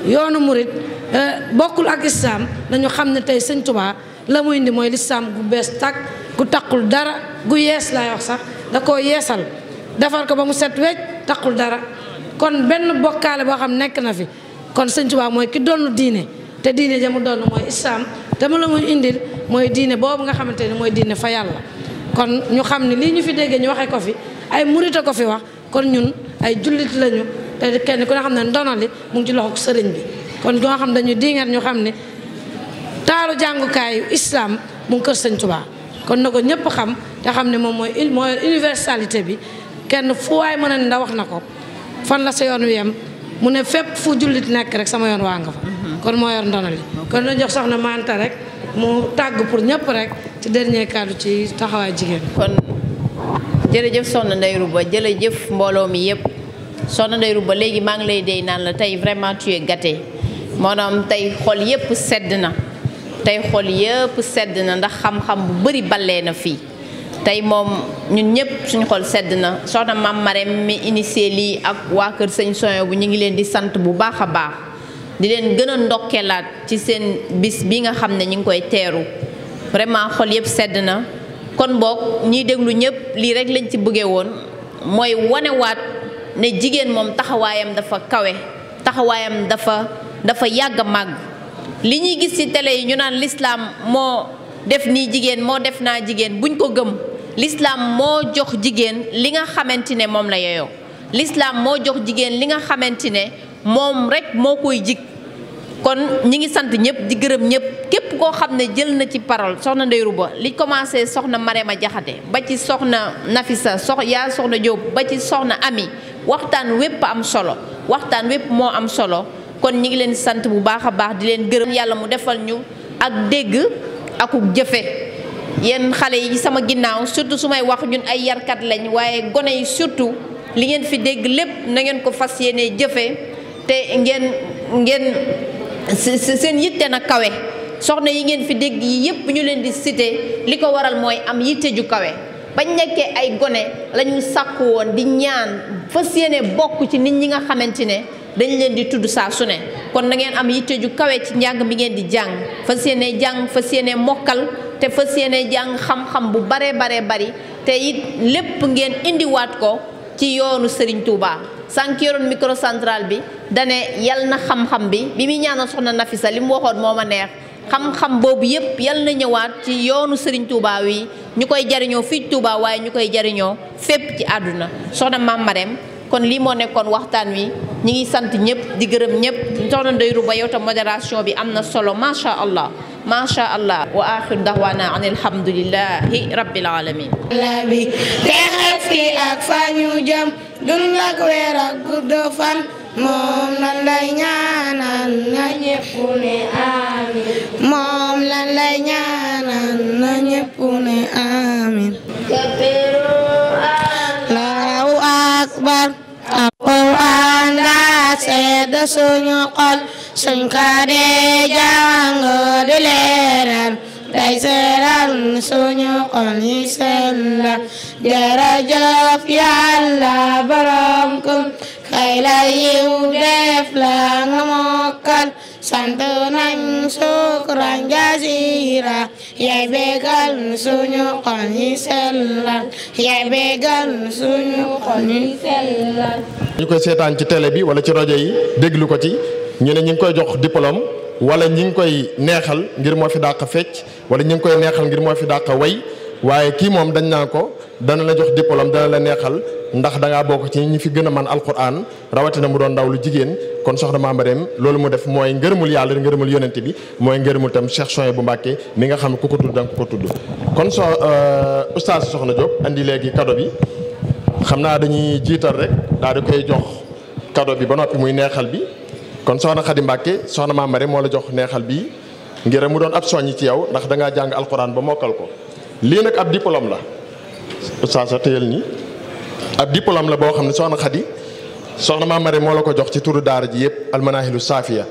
yoonu murit eh, bokkul ak islaam dañu xam ne tey sëñ Tuubaa la muy indi mooy lislaam gu bees tàkk gu taqul dara gu yees laay wax sax da koo yeesal defar ko ba mu set wecc taqul dara kon benn bokkaale boo xam nekk na fi kon sëñ Tuubaa mooy ki doon diine te diine ja mu doon mooy islaam te mu la muy indil mooy diine boobu nga xamante ne mooy diine fa yàlla kon ñu xam ne lii ñu fi déggee ñu waxee ko fi ay murite ko fi wax kon ñun ay jullit lañu te kenn ku ne xam ne ndonali mu ngi ci loxo sëriñ bi kon ñoo xam dañu diingat ñu xam ne taalu jàngukaayu islam mu kër sëñ Tuubaa kon na ko ñëpp xam te xam ne moom mooy mooy universalité bi kenn fu waay mën a ne wax na ko fan la sa yoon wi yem mu ne fépp fu jullit nekk rek sama yoon waa fa. Mhm. kon moo yor ndono li kon la jox soxna Manta rek mu tàgg pour ñëpp rek ci dernier kàddu ci taxawaay jigéen kon jërëjëf soxna Ndeye Rouba jërëjëf mbooloo mi yëpp soxna Ndeye Rouba léegi maa ngi lay dey naan la tey vraiment tu es gâté maanaam tey xol yëpp sedd na. tey xol yëpp sedd na ndax xam-xam bu bëri ballee na fii tey moom ñun ñëpp suñ xol sedd na soxna maam Marème mi initié lii ak waa kër sëñ Soyo bu ñu ngi leen di sant bu baax a baax di leen gën a ndokkeelaat ci seen bis bi nga xam ne ñu ngi koy teeru vraiment xol yëpp sedd na kon boog ñiy déglu ñëpp lii rek lañ ci bëggee woon mooy wanewaat ne jigéen moom taxawaayam dafa kawe taxawaayam dafa dafa yàgg a màgg li ñuy gis ci tele yi ñu naan lislaam moo def nii jigéen moo def naa jigéen bu buñ ko gëm lislaam moo jox jigéen li nga xamante ne moom la yeyoo l'islam moo jox jigéen li nga xamante ne moom rek moo koy jig kon ñi ngi sant ñëpp di gërëm ñëpp képp koo xam ne jël na ci parole soxna Ndeye Rouba li commencé soxna ma Jaxate ba ci soxna Nafisa sox yaa soxna Diop ba ci soxna Ami waxtaan wépp am solo waxtaan wépp moo am solo kon ñi ngi leen sant bu baax a baax di leen gërëm yàlla mu defal ñu ak dégg akuk jëfe yenn xale yi sama ginnaaw surtout su may wax ñun ay yarkat lañ waaye gone yi surtout li ngeen fi dégg lépp na ko fas yéene jëfe te ngeen ngeen seen yitte na kawe soxna yi ngeen fi dégg yi yépp ñu leen di cité li ko waral mooy am yitte ju kawe bañ nekkee ay gone lañu sàkku woon di ñaan fas yéene bokk ci nit ñi nga xamante ne dañ leen di tudd saa su ne kon na ngeen am yitte ju kawe ci njàng mi ngeen di jàng fas yéene jàng fas yéene mokkal te fas yéene jàng xam-xam bu baree baree bari te it lépp ngeen indiwaat ko ci yoonu Serigne Touba sànq yoroon microcentral bi dane yal na xam-xam bi bi muy ñaanal soxna Nafisa li mu waxoon moo ma neex xam-xam boobu yépp yal na ñëwaat ci yoonu Serigne Touba wi ñu koy jariñoo fii Touba waaye ñu koy jariñoo fépp ci àdduna soxna Mame kon lii moo nekkoon waxtaan wi ñi ngi sant ñëpp di gërëm ñëpp soxna Ndeye Rouba yow bi am na solo macha allah macha allah wa axiru dahwaana an alhamdulilahi rabbil alamin bi teexeef ki ak fa ñu jëm dund ak weer ak fan moom lan lay ñaanal na ñëpp ne amin moom lan lay ñaanal na ñëpp ne amin alquran daa sedd suñu xol suñ ko dee jàng du leeral day suñu xol yi sellal jërëjëf yàlla borom kum xëy la yiw def la nga mokkal sant nañ sukran jasiira yaay bégal suñu xol yi sellal yaay bégal suñu xol yi sellal ñu koy seetaan ci tele bi wala ci rajo yi déglu ko ci ñu ne ñu ngi koy jox diplôme wala ñi ngi koy neexal ngir moo fi dàq fecc wala ñu ngi koy neexal ngir moo fi dàq way waaye kii moom dañ naa ko dana la jox diplôme dana la neexal ndax da bokk ci ñu fi gën a man alquran rawatina mu doon ndaw lu jigéen kon soxna Maam Mareem loolu mu def mooy ngërëmul yàlla ngërëmul yonent bi mooy ngërëmul tam Cheikh Souhaïbou Mbacké mi nga xam ku ko da nga ko kon so euh, oustaz soxna Diop andi léegi kado bi xam naa dañuy jiital rek daal di koy jox kado bi ba noppi muy neexal bi kon soxna Khady Mbacké soxna Maam Mareem moo la jox neexal bi ngir mu doon ab soññ ci yow ndax da ngaa jàng alquran ba mokkal ko lii nag ab diplôme la saa sa téyel nii ab diplôme la boo xam ne soxna Xadi soxna Maam Mari moo la ko jox ci turu daara ji yëpp almanahilu ya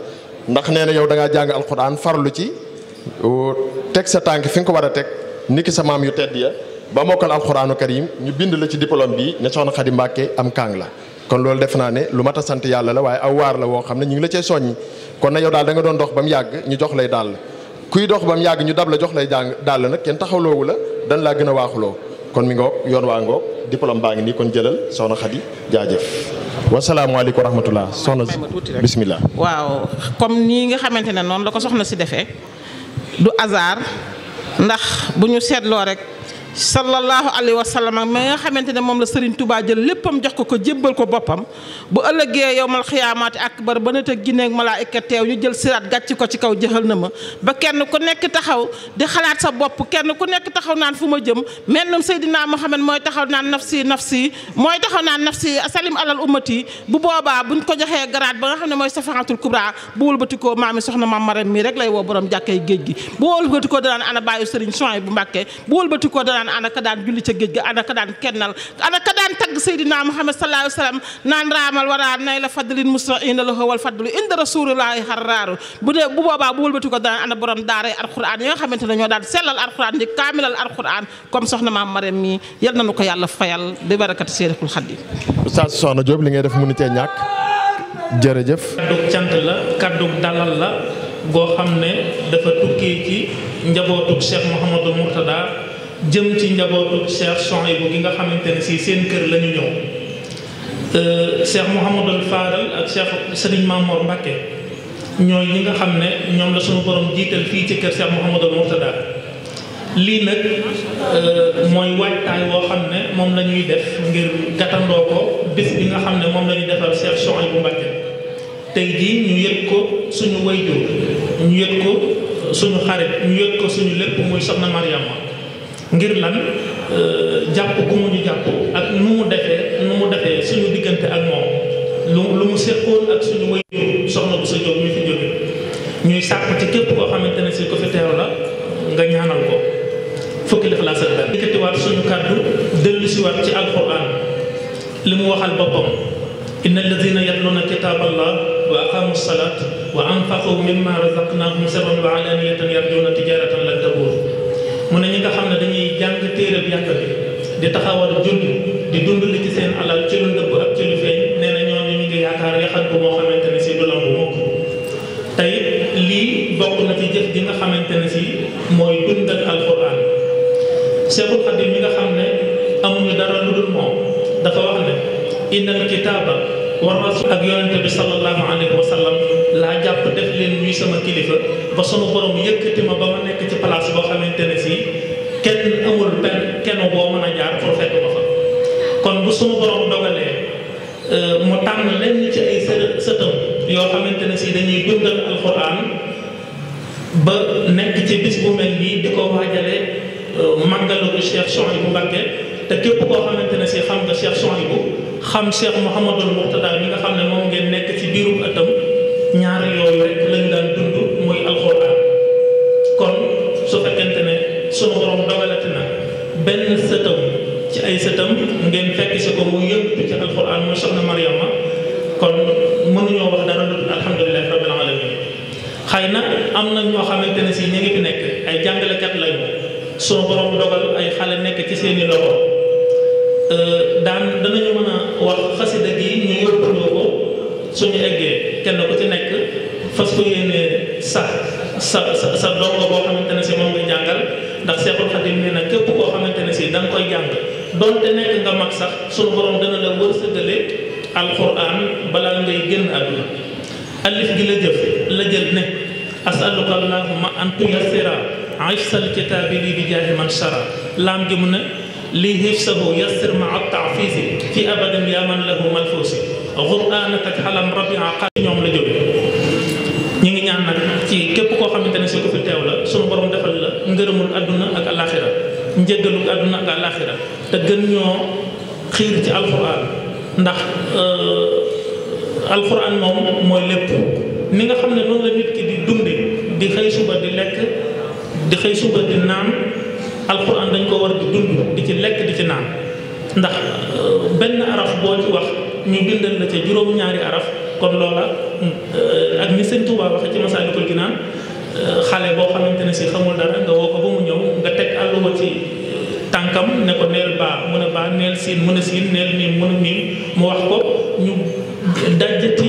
ndax nee na yow da ngaa jàng alxuraan farlu ci teg sa tànk fi nga ko war a teg niki sa maam yu tedd ya ba mokkal alxuraanu karim ñu bind la ci diplôme bi ne soxna Xadi Mbàkke am kàng la kon loolu def naa ne lu mat a sant yàlla la waaye aw waar la woo xam ne ñu ngi la cee soññi kon na yow daal danga nga doon dox ba mu yàgg ñu jox lay daal kuy dox ba yàgg ñu dab la jox lay jàng daal nag kenn taxawloowu la dañ laa gën a waaxuloo kon mi ngoog yoon waa ngoog diplôme baa ngi nii kon jëlal soxna Khady jaajëf wasalaamualeykum wa rahmatulah soxna bisimilah. waaw comme nii nga xamante ne noonu la ko soxna si defee du hasard ndax bu ñu seetloo rek. sallallahu alayhi wa sallam ak ma nga xamante ne moom la Serigne Touba jël léppam jox ko ko jébbal ko boppam bu ëllëgee yow mal xiyaamaati akbar ba nit ak jinne ak malaayika teew ñu jël siraat gàcc ko ci kaw jëxal na ma ba kenn ku nekk taxaw di xalaat sa bopp kenn ku nekk taxaw naan fu ma jëm mel num Seydina Muhammad mooy taxaw naan nafsi nafsi mooy taxaw naan nafsi salim alal ummati bu bu buñ ko joxee garaat ba nga xam ne mooy safahatul kubra bu wëlbatikoo maami soxna maam Maram mi rek lay woo borom jàkkay géej gi bu wëlbatikoo danaan ana baayu Serigne Souhaïbou bu Mbacké bu wëlbatikoo naan daan julli ca géej ga ana daan kennal ana daan tagg Seydina Muhammad sallallahu alayhi wa sallam naan raamal waraa nay la fadlin musa ina la wal fadlu inda rasulillahi xarraaru bu dee bu boobaa bu wëlbati ko daan ana borom daaray alquran yoo xamante ne ñoo daan sellal alquran di kaamilal alquran comme soxna maam Marème mii yal nañu ko yàlla fayal bi barakati Seydul Xadim Oustaz Soxna Diop li ngay def mënu ñàkk jërëjëf kaddug la kaddug dalal la goo xam ne dafa tukkee ci njabootuk Cheikh Mouhamadou jëm ci njabootu Cheikh Souhaïbou gi nga xamante ne si seen kër la ñu ñëw euh, Cheikh Mouhamadul Fadal ak Cheikh Serigne Mamour Mbacké ñooy ñi nga xam ne ñoom la suñu borom jiital fii ci kër Cheikh Mouhamadul Mourtada lii nag euh, mooy waajtaay woo xam ne moom la ñuy def ngir gàttandoo ko bis bi nga xam ne moom la ñuy defal Cheikh Souhaïbou Mbacké tey jii ñu yëg ko suñu wayjur ñu yëg ko suñu xarit ñu yëg ko suñu lépp muy Soxna Mariama ngir lan euh, jàpp gu mu ñu jàpp ak nu mu defee nu mu defee suñu diggante ak moom lu lu mu seqoon ak suñu way soxna bu sa jóg ñu ñuy sàkk ci képp koo xamante ne si ko fi teew la nga ñaanal ko fukki Ixlaas ak benn yëkkatiwaat suñu kàddu si dellusiwaat ci alquran li mu waxal boppam inna alladina yatluuna kitaaba allah wa aqaamu salaat wa anfaqu mimma razaqnahum sirran wa alaniyatan yarjuuna tijaratan lan tabuur mu ne ñi nga xam ne dañuy jàng téereb yàlla bi di taxawal julli di dund li ci seen alal ci lu nëbb ak ci lu feeñ nee nañoo ñooñu ñu ngi yaakaar yaxan bu moo xamante ne si du lamb tey lii bokk na ci jëf ji nga xamante ne si mooy dundal alquran Cheikhul Khadim mi nga xam ne amuñu dara lu dul moom dafa wax ne innal kitaaba war rasul ak yonente bi sallallahu alayhi wa sallam laa jàpp def leen ñuy sama kilifa ba sunu borom yëkkati ma ba ma nekk ci place boo xamante ne si kenn amul benn kenn boo ma fa kon bu sunu borom dogalee euh, mu tànn lenn ci ay sëtam yoo xamante ne si dañuy dundal alxuraan ba nekk ci bis bu mel di ko waajale euh, màggalu te képp koo xamante ne si xam nga Cheikh Souhaïbou xam Cheikh Mouhamadul Mourtada mi nga xam ne moom ngeen nekk ci biirum atam ñaar yooyu rek lañ daan dund muy alxuraan kon su fekkente ne sunu borom na benn sëtam ay sëtam ngeen fekk si ko mu na am na ñoo xamante ne si ñu ngi fi nekk ay dogal ay xale nekk ci seeni loxo. Euh, daan danañu mën a wax xasida gi ñu yóbbandoo ko suñu eggee kenn ku ci nekk fas ko yéenee sax sa sa sa dongo boo xamante ne si moom nga jàngal ndax Seexul Xadim nee na képp koo xamante ne si da koy jàng donte nekk nga mag sax suñu borom dana la wërsëgale alquran balaa ngay génn àdduna alif gi la jëf la jël ne asaluka allahuma an tuyassira ifsal kitaabi li bi jaahi man sara laam gi mu ne li هفسه يسر مع التعفيز في أبد يا من له ملفوس غرآنك حلم ربيع قال ñoom la jóge ñu ngi ñaan nag ci képp koo xamante ne si ko fi teew la sunu borom defal la ngërëmul àdduna ak àllaaxira njëggaluk àdduna ak àllaaxira te ñoo xiir ci alxuraan ndax euh, alxuraan moom mooy lépp ni nga xam ne noonu la di dunde di xëy suba di lekk di xëy suba di naan alquran dañ ko war di dund di ci lekk di ci naan ndax euh, benn araf boo ci wax ñu bindal la ca juróom-ñaari araf kon loola euh, ak ni sëñ Touba waxee ci Masaalikul Jinaan euh, xale boo xamante ne si xamul dara nga woo ko ba mu ñëw nga teg àlluwa ci tànkam ne ko neel baa mun a baa neel siin mun a siin neel miim mun a miim mu wax ko ñu dajjati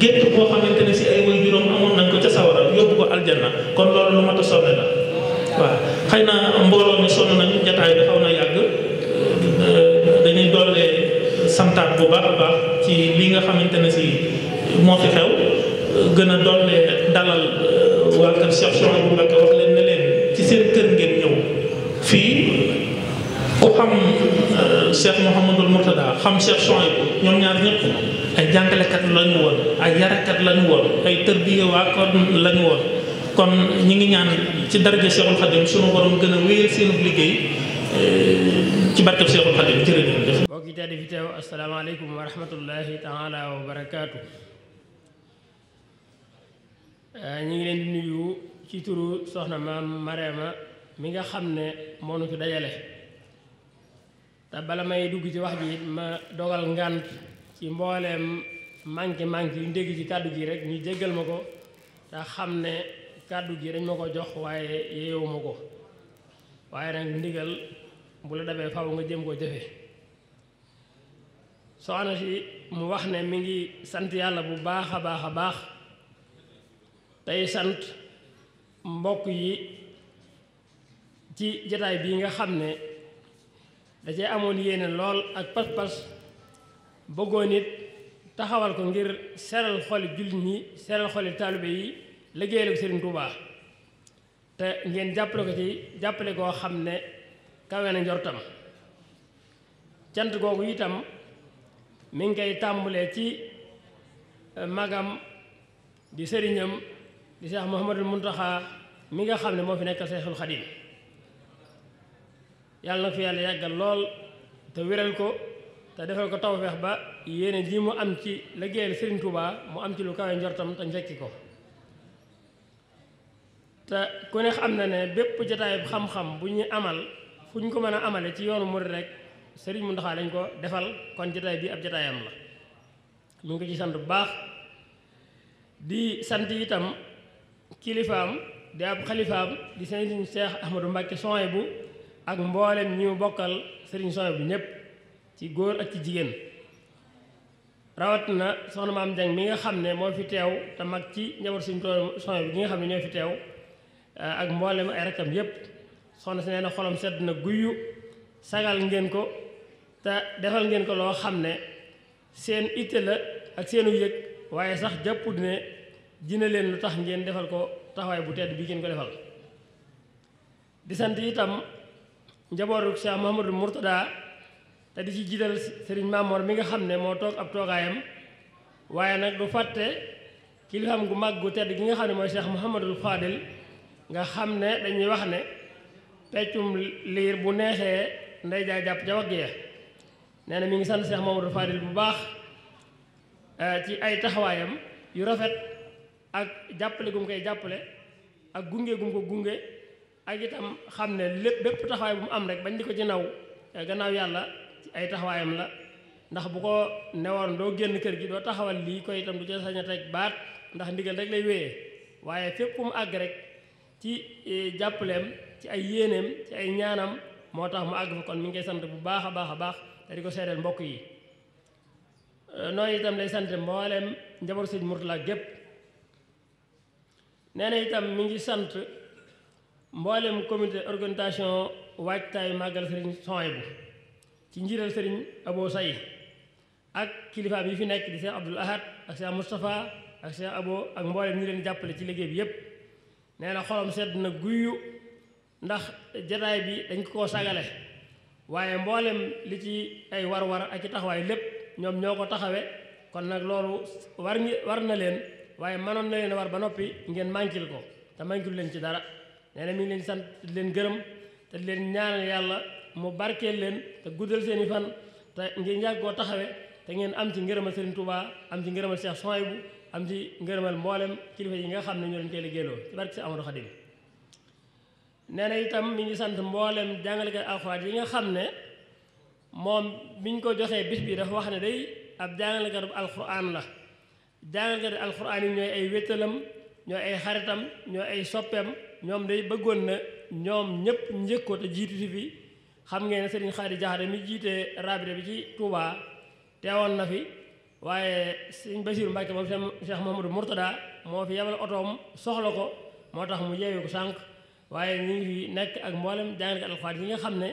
gétt boo xamante ne si ay way juróom amoon nañ ko ca sawara yóbbu ko aljanna kon loolu lu mat a sonne la xëy na mbooloo mi sonn nañu jataay bi xaw na yàgg euh, dañuy dollee santaat bu baax baax ci li nga xamante ne si moo fi xew gën a dollee dalal euh, waa kër Cheikh Souhaïbou Mbacké wax leen ne ci seen kër ngeen ñëw fii ku xam euh, Cheikh Mouhamadul Mourtada xam Cheikh Souhaïbou ñoom ñaar ñëpp ay jàngalekat la ñu woon ay yarakat la woon ay tërbiye waa kon la woon kon ñu ngi ñaan ci daraja Cheikhul Khadim sunu borom gën a wéyal seenu liggéey eh, ci barkeb Cheikhul Khadim jërëjëf mbokk yi tey di fi teew asalaamaaleykum wa rahmatullahi taala wa barakaatu eh, ñu ngi leen di nuyu ci turu soxna maam Marema mi nga xam ne moo nu dajale te bala may dugg ci wax ji ma dogal ngànt ci mbooleem manqué manqué yu ñu ci kàddu gi rek ñu jéggal ma ko te xam ne kàddu gi dañ ma ko jox waaye yeewuma ko waaye nag ndigal bu la dabee faw nga jëm ko soo soxna si mu wax ne mi ngi sant yàlla bu baax a baax a baax tey sant mbokk yi ci jataay bii nga xam ne da cee amoon yéene lool ak pas-pas bëggoon it taxawal ko ngir seral xoli jullit ñi seral xoli taalibe yi liggéeyal sëriñ Serigne Touba te ngeen jàppale ko ci jàppale koo xam ne kawe na njortam cant googu itam mi ngi koy tàmbulee ci eh, magam di sëriñam di Cheikh Mouhamadul Mountakha mi nga xam ne moo fi nekkal Cheikhul Khadim yàlla na fi yàlla yàggal lool te wéral ko te defal ko tawfeex ba yéene ji mu am ci liggéeyal Serigne Touba mu am ci lu kawe njortam te njekki ko te ku ne xam na ne bépp jataay xam-xam bu ñu amal fu ñu ko mën a amale ci yoonu murid rek sëriñ Muntaxa lañ ko defal kon jataay bi ab jataayam la mu ngi ko ci sant bu baax di sant itam kilifaam di ab xalifaam di sëriñ Cheikh Ahmadou Mbacke sooy bu ak mboolem ñu bokkal sëriñ sooy bu ñëpp ci góor ak ci jigéen rawat na soxna maam Jeng mi nga xam ne moo fi teew te mag ci njaboot suñu sooy bi ñi nga xam ne ñoo fi teew Euh, ak mboolem ay rakam yépp soxna si nee xolam sedd na guyyu sagal ngeen ko te defal ngeen ko loo xam ne seen itte la ak seenu yëg waaye sax jàpp ne dina leen lu tax ngeen defal ko taxawaay bu tedd bi ngeen ko defal di sant itam njabootu Cheikh Mouhamadou Mourtada te di ci jiital Serigne Mamor bi nga xam ne moo toog ab toogaayam waaye nag du fàtte kilifaam gu mag gu tedd gi nga xam ne mooy Cheikh Mouhamadou Fadil nga xam ne dañuy wax ne peccum liir bu neexee ndey jàpp ca wagg ya nee na mi ngi sant Cheikh Mamadou Fadil bu baax eh, ci ay taxawaayam yu rafet ak jàppale gum koy jàppale ak gunge gum ko gunge ak itam xam ne lépp bépp taxawaay bu mu am rek bañ di ko ci naw eh, gannaaw yàlla ci ay taxawaayam la ndax bu ko newoon doo génn kër gi doo taxawal lii koy itam du ca sañ a teg baat ndax ndigal rek lay wéyee waaye fépp mu àgg rek ci eh, jàppaleem ci ay yéeneem ci ay ñaanam moo tax mu àgg fa kon mi ngi koy sant bu baax a baax a baax te di ko seedeel mbokk yi eh, noonu itam lay sant mbooleem njaboot sëñ Murtala gépp nee itam mu ngi sant mboolem comité organisation waajtaay màggal sëriñ sony bi ci njiital sëriñ aboo Say ak kilifa yi fi nekk di Cheikh Abdoul Ahad ak Cheikh Moustapha ak Cheikh Abo ak mboolem ñi leen jàppale ci liggéey bi yépp nee na xolam sedd na guyyu ndax jataay bi dañ ko sagale waaye mboolem li ci ay war-war ak ci taxawaay lépp ñoom ñoo ko taxawe kon nag loolu war war na leen waaye mënoon na leen war ba noppi ngeen mànkil ko te mànkil leen ci dara nee na mi ngi leen sant di leen gërëm te di leen ñaanal yàlla mu barkeel leen te guddal seen i fan te ngeen yàgg koo taxawe te ngeen am ci ngërëmal Serigne Touba am ci ngërëmal Cheikh Souhaïbou am ci ngërëmal mboolem kilifa yi nga xam ne ñoo leen koy liggéeyloo ci barke si Amadou Khadim nee na itam mi ngi sant mboolem jàngalekat alxuraan yi nga xam ne moom biñ ko joxee bis bi dafa wax ne day ab jàngalekatu alxuraan la jàngalekatu alxuraan yi ñooy ay wéttalam ñooy ay xaritam ñooy ay soppeem ñoom day bëggoon na ñoom ñëpp njëkkoo te jiitu si fi xam ngeen ne Serigne Khady Diakhaté mi jiite rabita bi ci Touba teewoon na fi waaye sëñ Basiiru Mbàkke moom Cheikh Mahamadou Mourtada moo fi yebal otoom soxla ko moo tax mu yeewee ko sànq waaye ñu ngi fi nekk ak mboolem jàngalekat alxuraan yi nga xam ne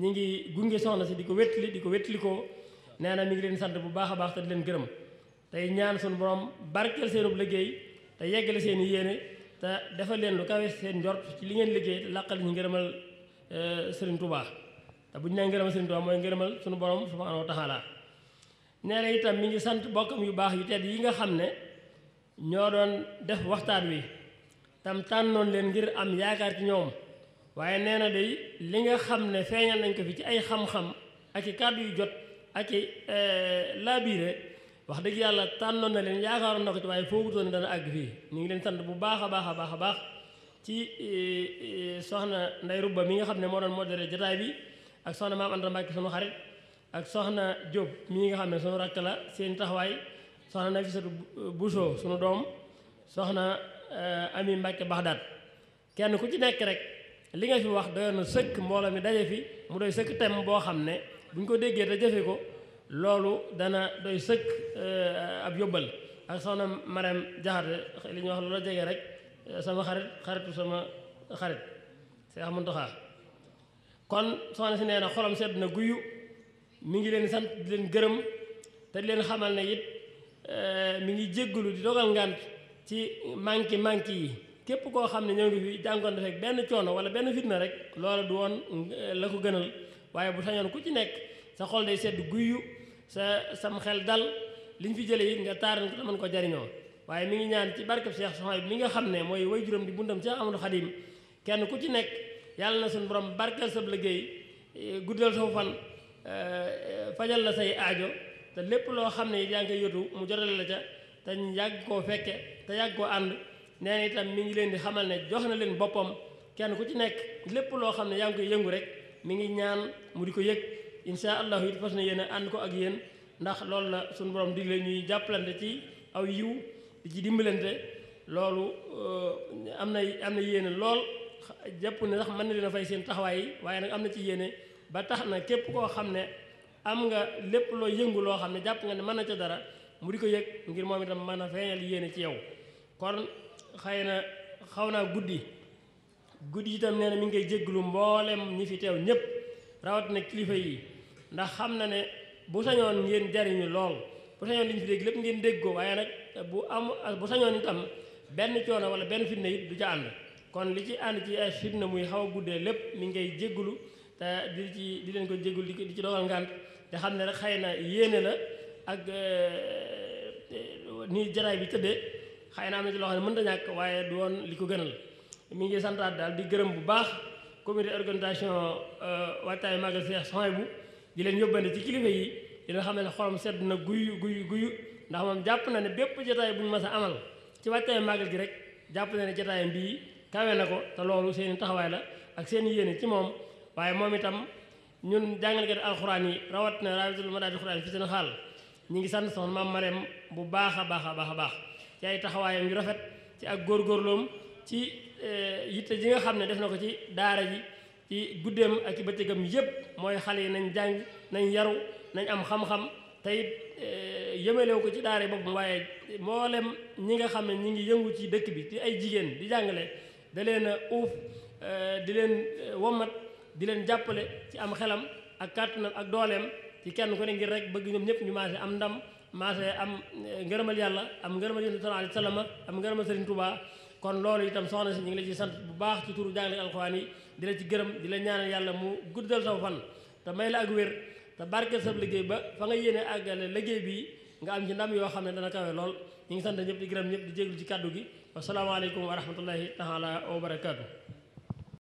ñu ngi gunge soxna si di ko wétali di ko wétali ko nee na mi ngi leen sant bu baax a baax te di leen gërëm tey ñaan suñu borom barkeel seenub liggéey te yeggale seen yéene te defal leen lu kawe seen njort ci li ngeen liggéey te làqal ñu ngërëmal euh, Sëriñ Tuubaa te bu ñu nee ngërëmal Sëriñ Tuubaa mooy ngërëmal suñu borom subhaanahu wa nee na itam mi ngi sant bokkam yu baax yu tedd yi nga xam ne ñoo doon def waxtaan wi tam tànnoon leen ngir am yaakaar ci ñoom waaye nee na day li nga xam ne feeñal nañ ko fi ci ay xam-xam ak i kàddu yu jot ak i eh, labiré wax dëgg yàlla tànnoon na leen yaakaaroon na ko ci waaye foogutoon ne dana àgg fii mu ngi leen sant bu baax a baax a baax a baax ci eh, eh, soxna Ndey Rubba mi nga xam ne moo doon modéré jataay bi ak soxna maam Anta Mbàkke sunu xarit ak soxna Diop mii nga xam ne sunu rakk la seen taxawaay soxna Nafisatu Bousso sunu doom soxna eh, Ami Mbàkke Baxdaat kenn ku ci nekk rek li nga fi wax doyoon na sëkk mbooloo mi daje fi mu doy sëkk tem boo xam ne bu ñu ko déggee te jëfe ko loolu dana doy sëkk eh, ab yóbbal ak soxna Maram Jaxate li ñuy wax loola jege rek eh, sama xarit xaritu sama xarit Seex Muntaxa kon soxna si nee na xolam sedd na guyu mi ngi leen sant di leen gërëm te di leen xamal na it eh, mi ngi jéggalu di dogal ngant ci manki manki yi képp koo xam ne ñoo ngi fi jàngoon rek benn coono wala benn fitna rek loola du woon la ko gënal waaye bu sañoon ku ci nekk sa xol day sedd guyyu sa sam xel dal liñ fi jële it nga taar te mën ko jariñoo waaye mi ngi ñaan ci barkeb Cheikh Sohaib mi nga xam ne mooy way juróom di bundam Cheikh Amadou Khadim kenn ku ci nekk yàlla na seen borom barkeel sab liggéey eh, guddal sa fan Euh, fajal la say aajo te lépp loo xam ne it yaa ngi koy yotu mu jotale la ca te yàgg koo fekke te yàgg koo ànd nee na itam mu ngi leen di xamal ne jox na leen boppam kenn ku ci nekk lépp loo xam ne yaa ngi koy yëngu rek mi ngi ñaan mu di ko yëg insha allahu it fas na yéen a ànd ko ak yéen ndax loolu la suñu borom digle ñuy jàppalante ci aw yiw di ci dimbalante loolu euh, am na am na yéene lool jàpp ne sax mën na leen a fay seen taxawaay yi waaye nag am na ci yéene ba tax na képp koo xam ne am nga lépp loo yëngu loo xam ne jàpp nga ne mën na ca dara mu di ko yëg ngir moom itam mën a feeñal yéene ci yow kon xëy na xaw naa guddi guddi itam nee na mi ngi koy jégglu mboolem ñi fi teew ñépp rawat na kilifa yi ndax xam na ne bu sañoon ngeen jariñu lool bu sañoon liñ fi dégg lépp ngeen dégg ko waaye nag bu am bu sañoon itam benn coono wala benn fitna it du ca ànd kon li ci ànd ci ay fitna muy xaw guddee lépp mi ngay jégglu te di ci di leen ko jégul di ci dogal ngànt te xam ne rek xëy na yéene la ak eh, eh, nii jaraay bi tëddee xëy na am na loo xam ne mënta ñàkk waaye du woon li ko gënal mi ngi santaat daal di gërëm bu baax comité organisation eh, waajtaayu magal Seex Suhaybu di leen yóbbante ci kilifa yi di leen xam ne xolam sedd na guyu guyu guyu ndax moom jàpp na ne bépp jotaay bu ñu mas a amal ci waajtaayu magal gi rek jàpp na ne jotaayam bii kawe na ko te loolu seen i taxawaay la ak seen i yéene ci moom waaye moom itam ñun jàngalekat alxuraan yi rawat na rawatul madaari xuraan fi seen xaal ñu ngi sant soxna ma Mareem bu baax a baax a baax a baax ci ay taxawaayam yu rafet ci ak góorgóorloom ci eh, yitte ji nga xam ne def na ko ci daara ji ci guddeem ak ci bëccëgam yépp mooy xale yi nañ jàng nañ yaru nañ am xam-xam te it eh, yëmalewu ko ci daara yi boppam waaye mboolem ñi nga xam ne ñi ngi yëngu ci dëkk bi ci ay jigéen di jàngale da leen uuf eh, di leen di leen jàppale ci am xelam ak kàttanam ak dooleem ci kenn ku ne ngir rek bëgg ñoom ñëpp ñu maase am ndam maase am eh, ngërëmal yàlla am ngërëmal yonent sallallahu alayhi wasallam am ngërëmal Sëriñ Tuubaa kon loolu itam soxna si ñu ngi la ci sant bu baax ci turu jàngale alxuraan yi di la ci gërëm di la ñaanal yàlla mu guddal sa fan te may la ak wér te barkeel sa liggéey ba fa nga yéene àggale liggéey bi nga am ci ndam yoo xam ne dana kawe lool ñu ngi sant ñëpp di gërëm ñëpp di jéglu ci kàddu gi wasalaamaaleykum wa rahmatullahi taala wa barakaatu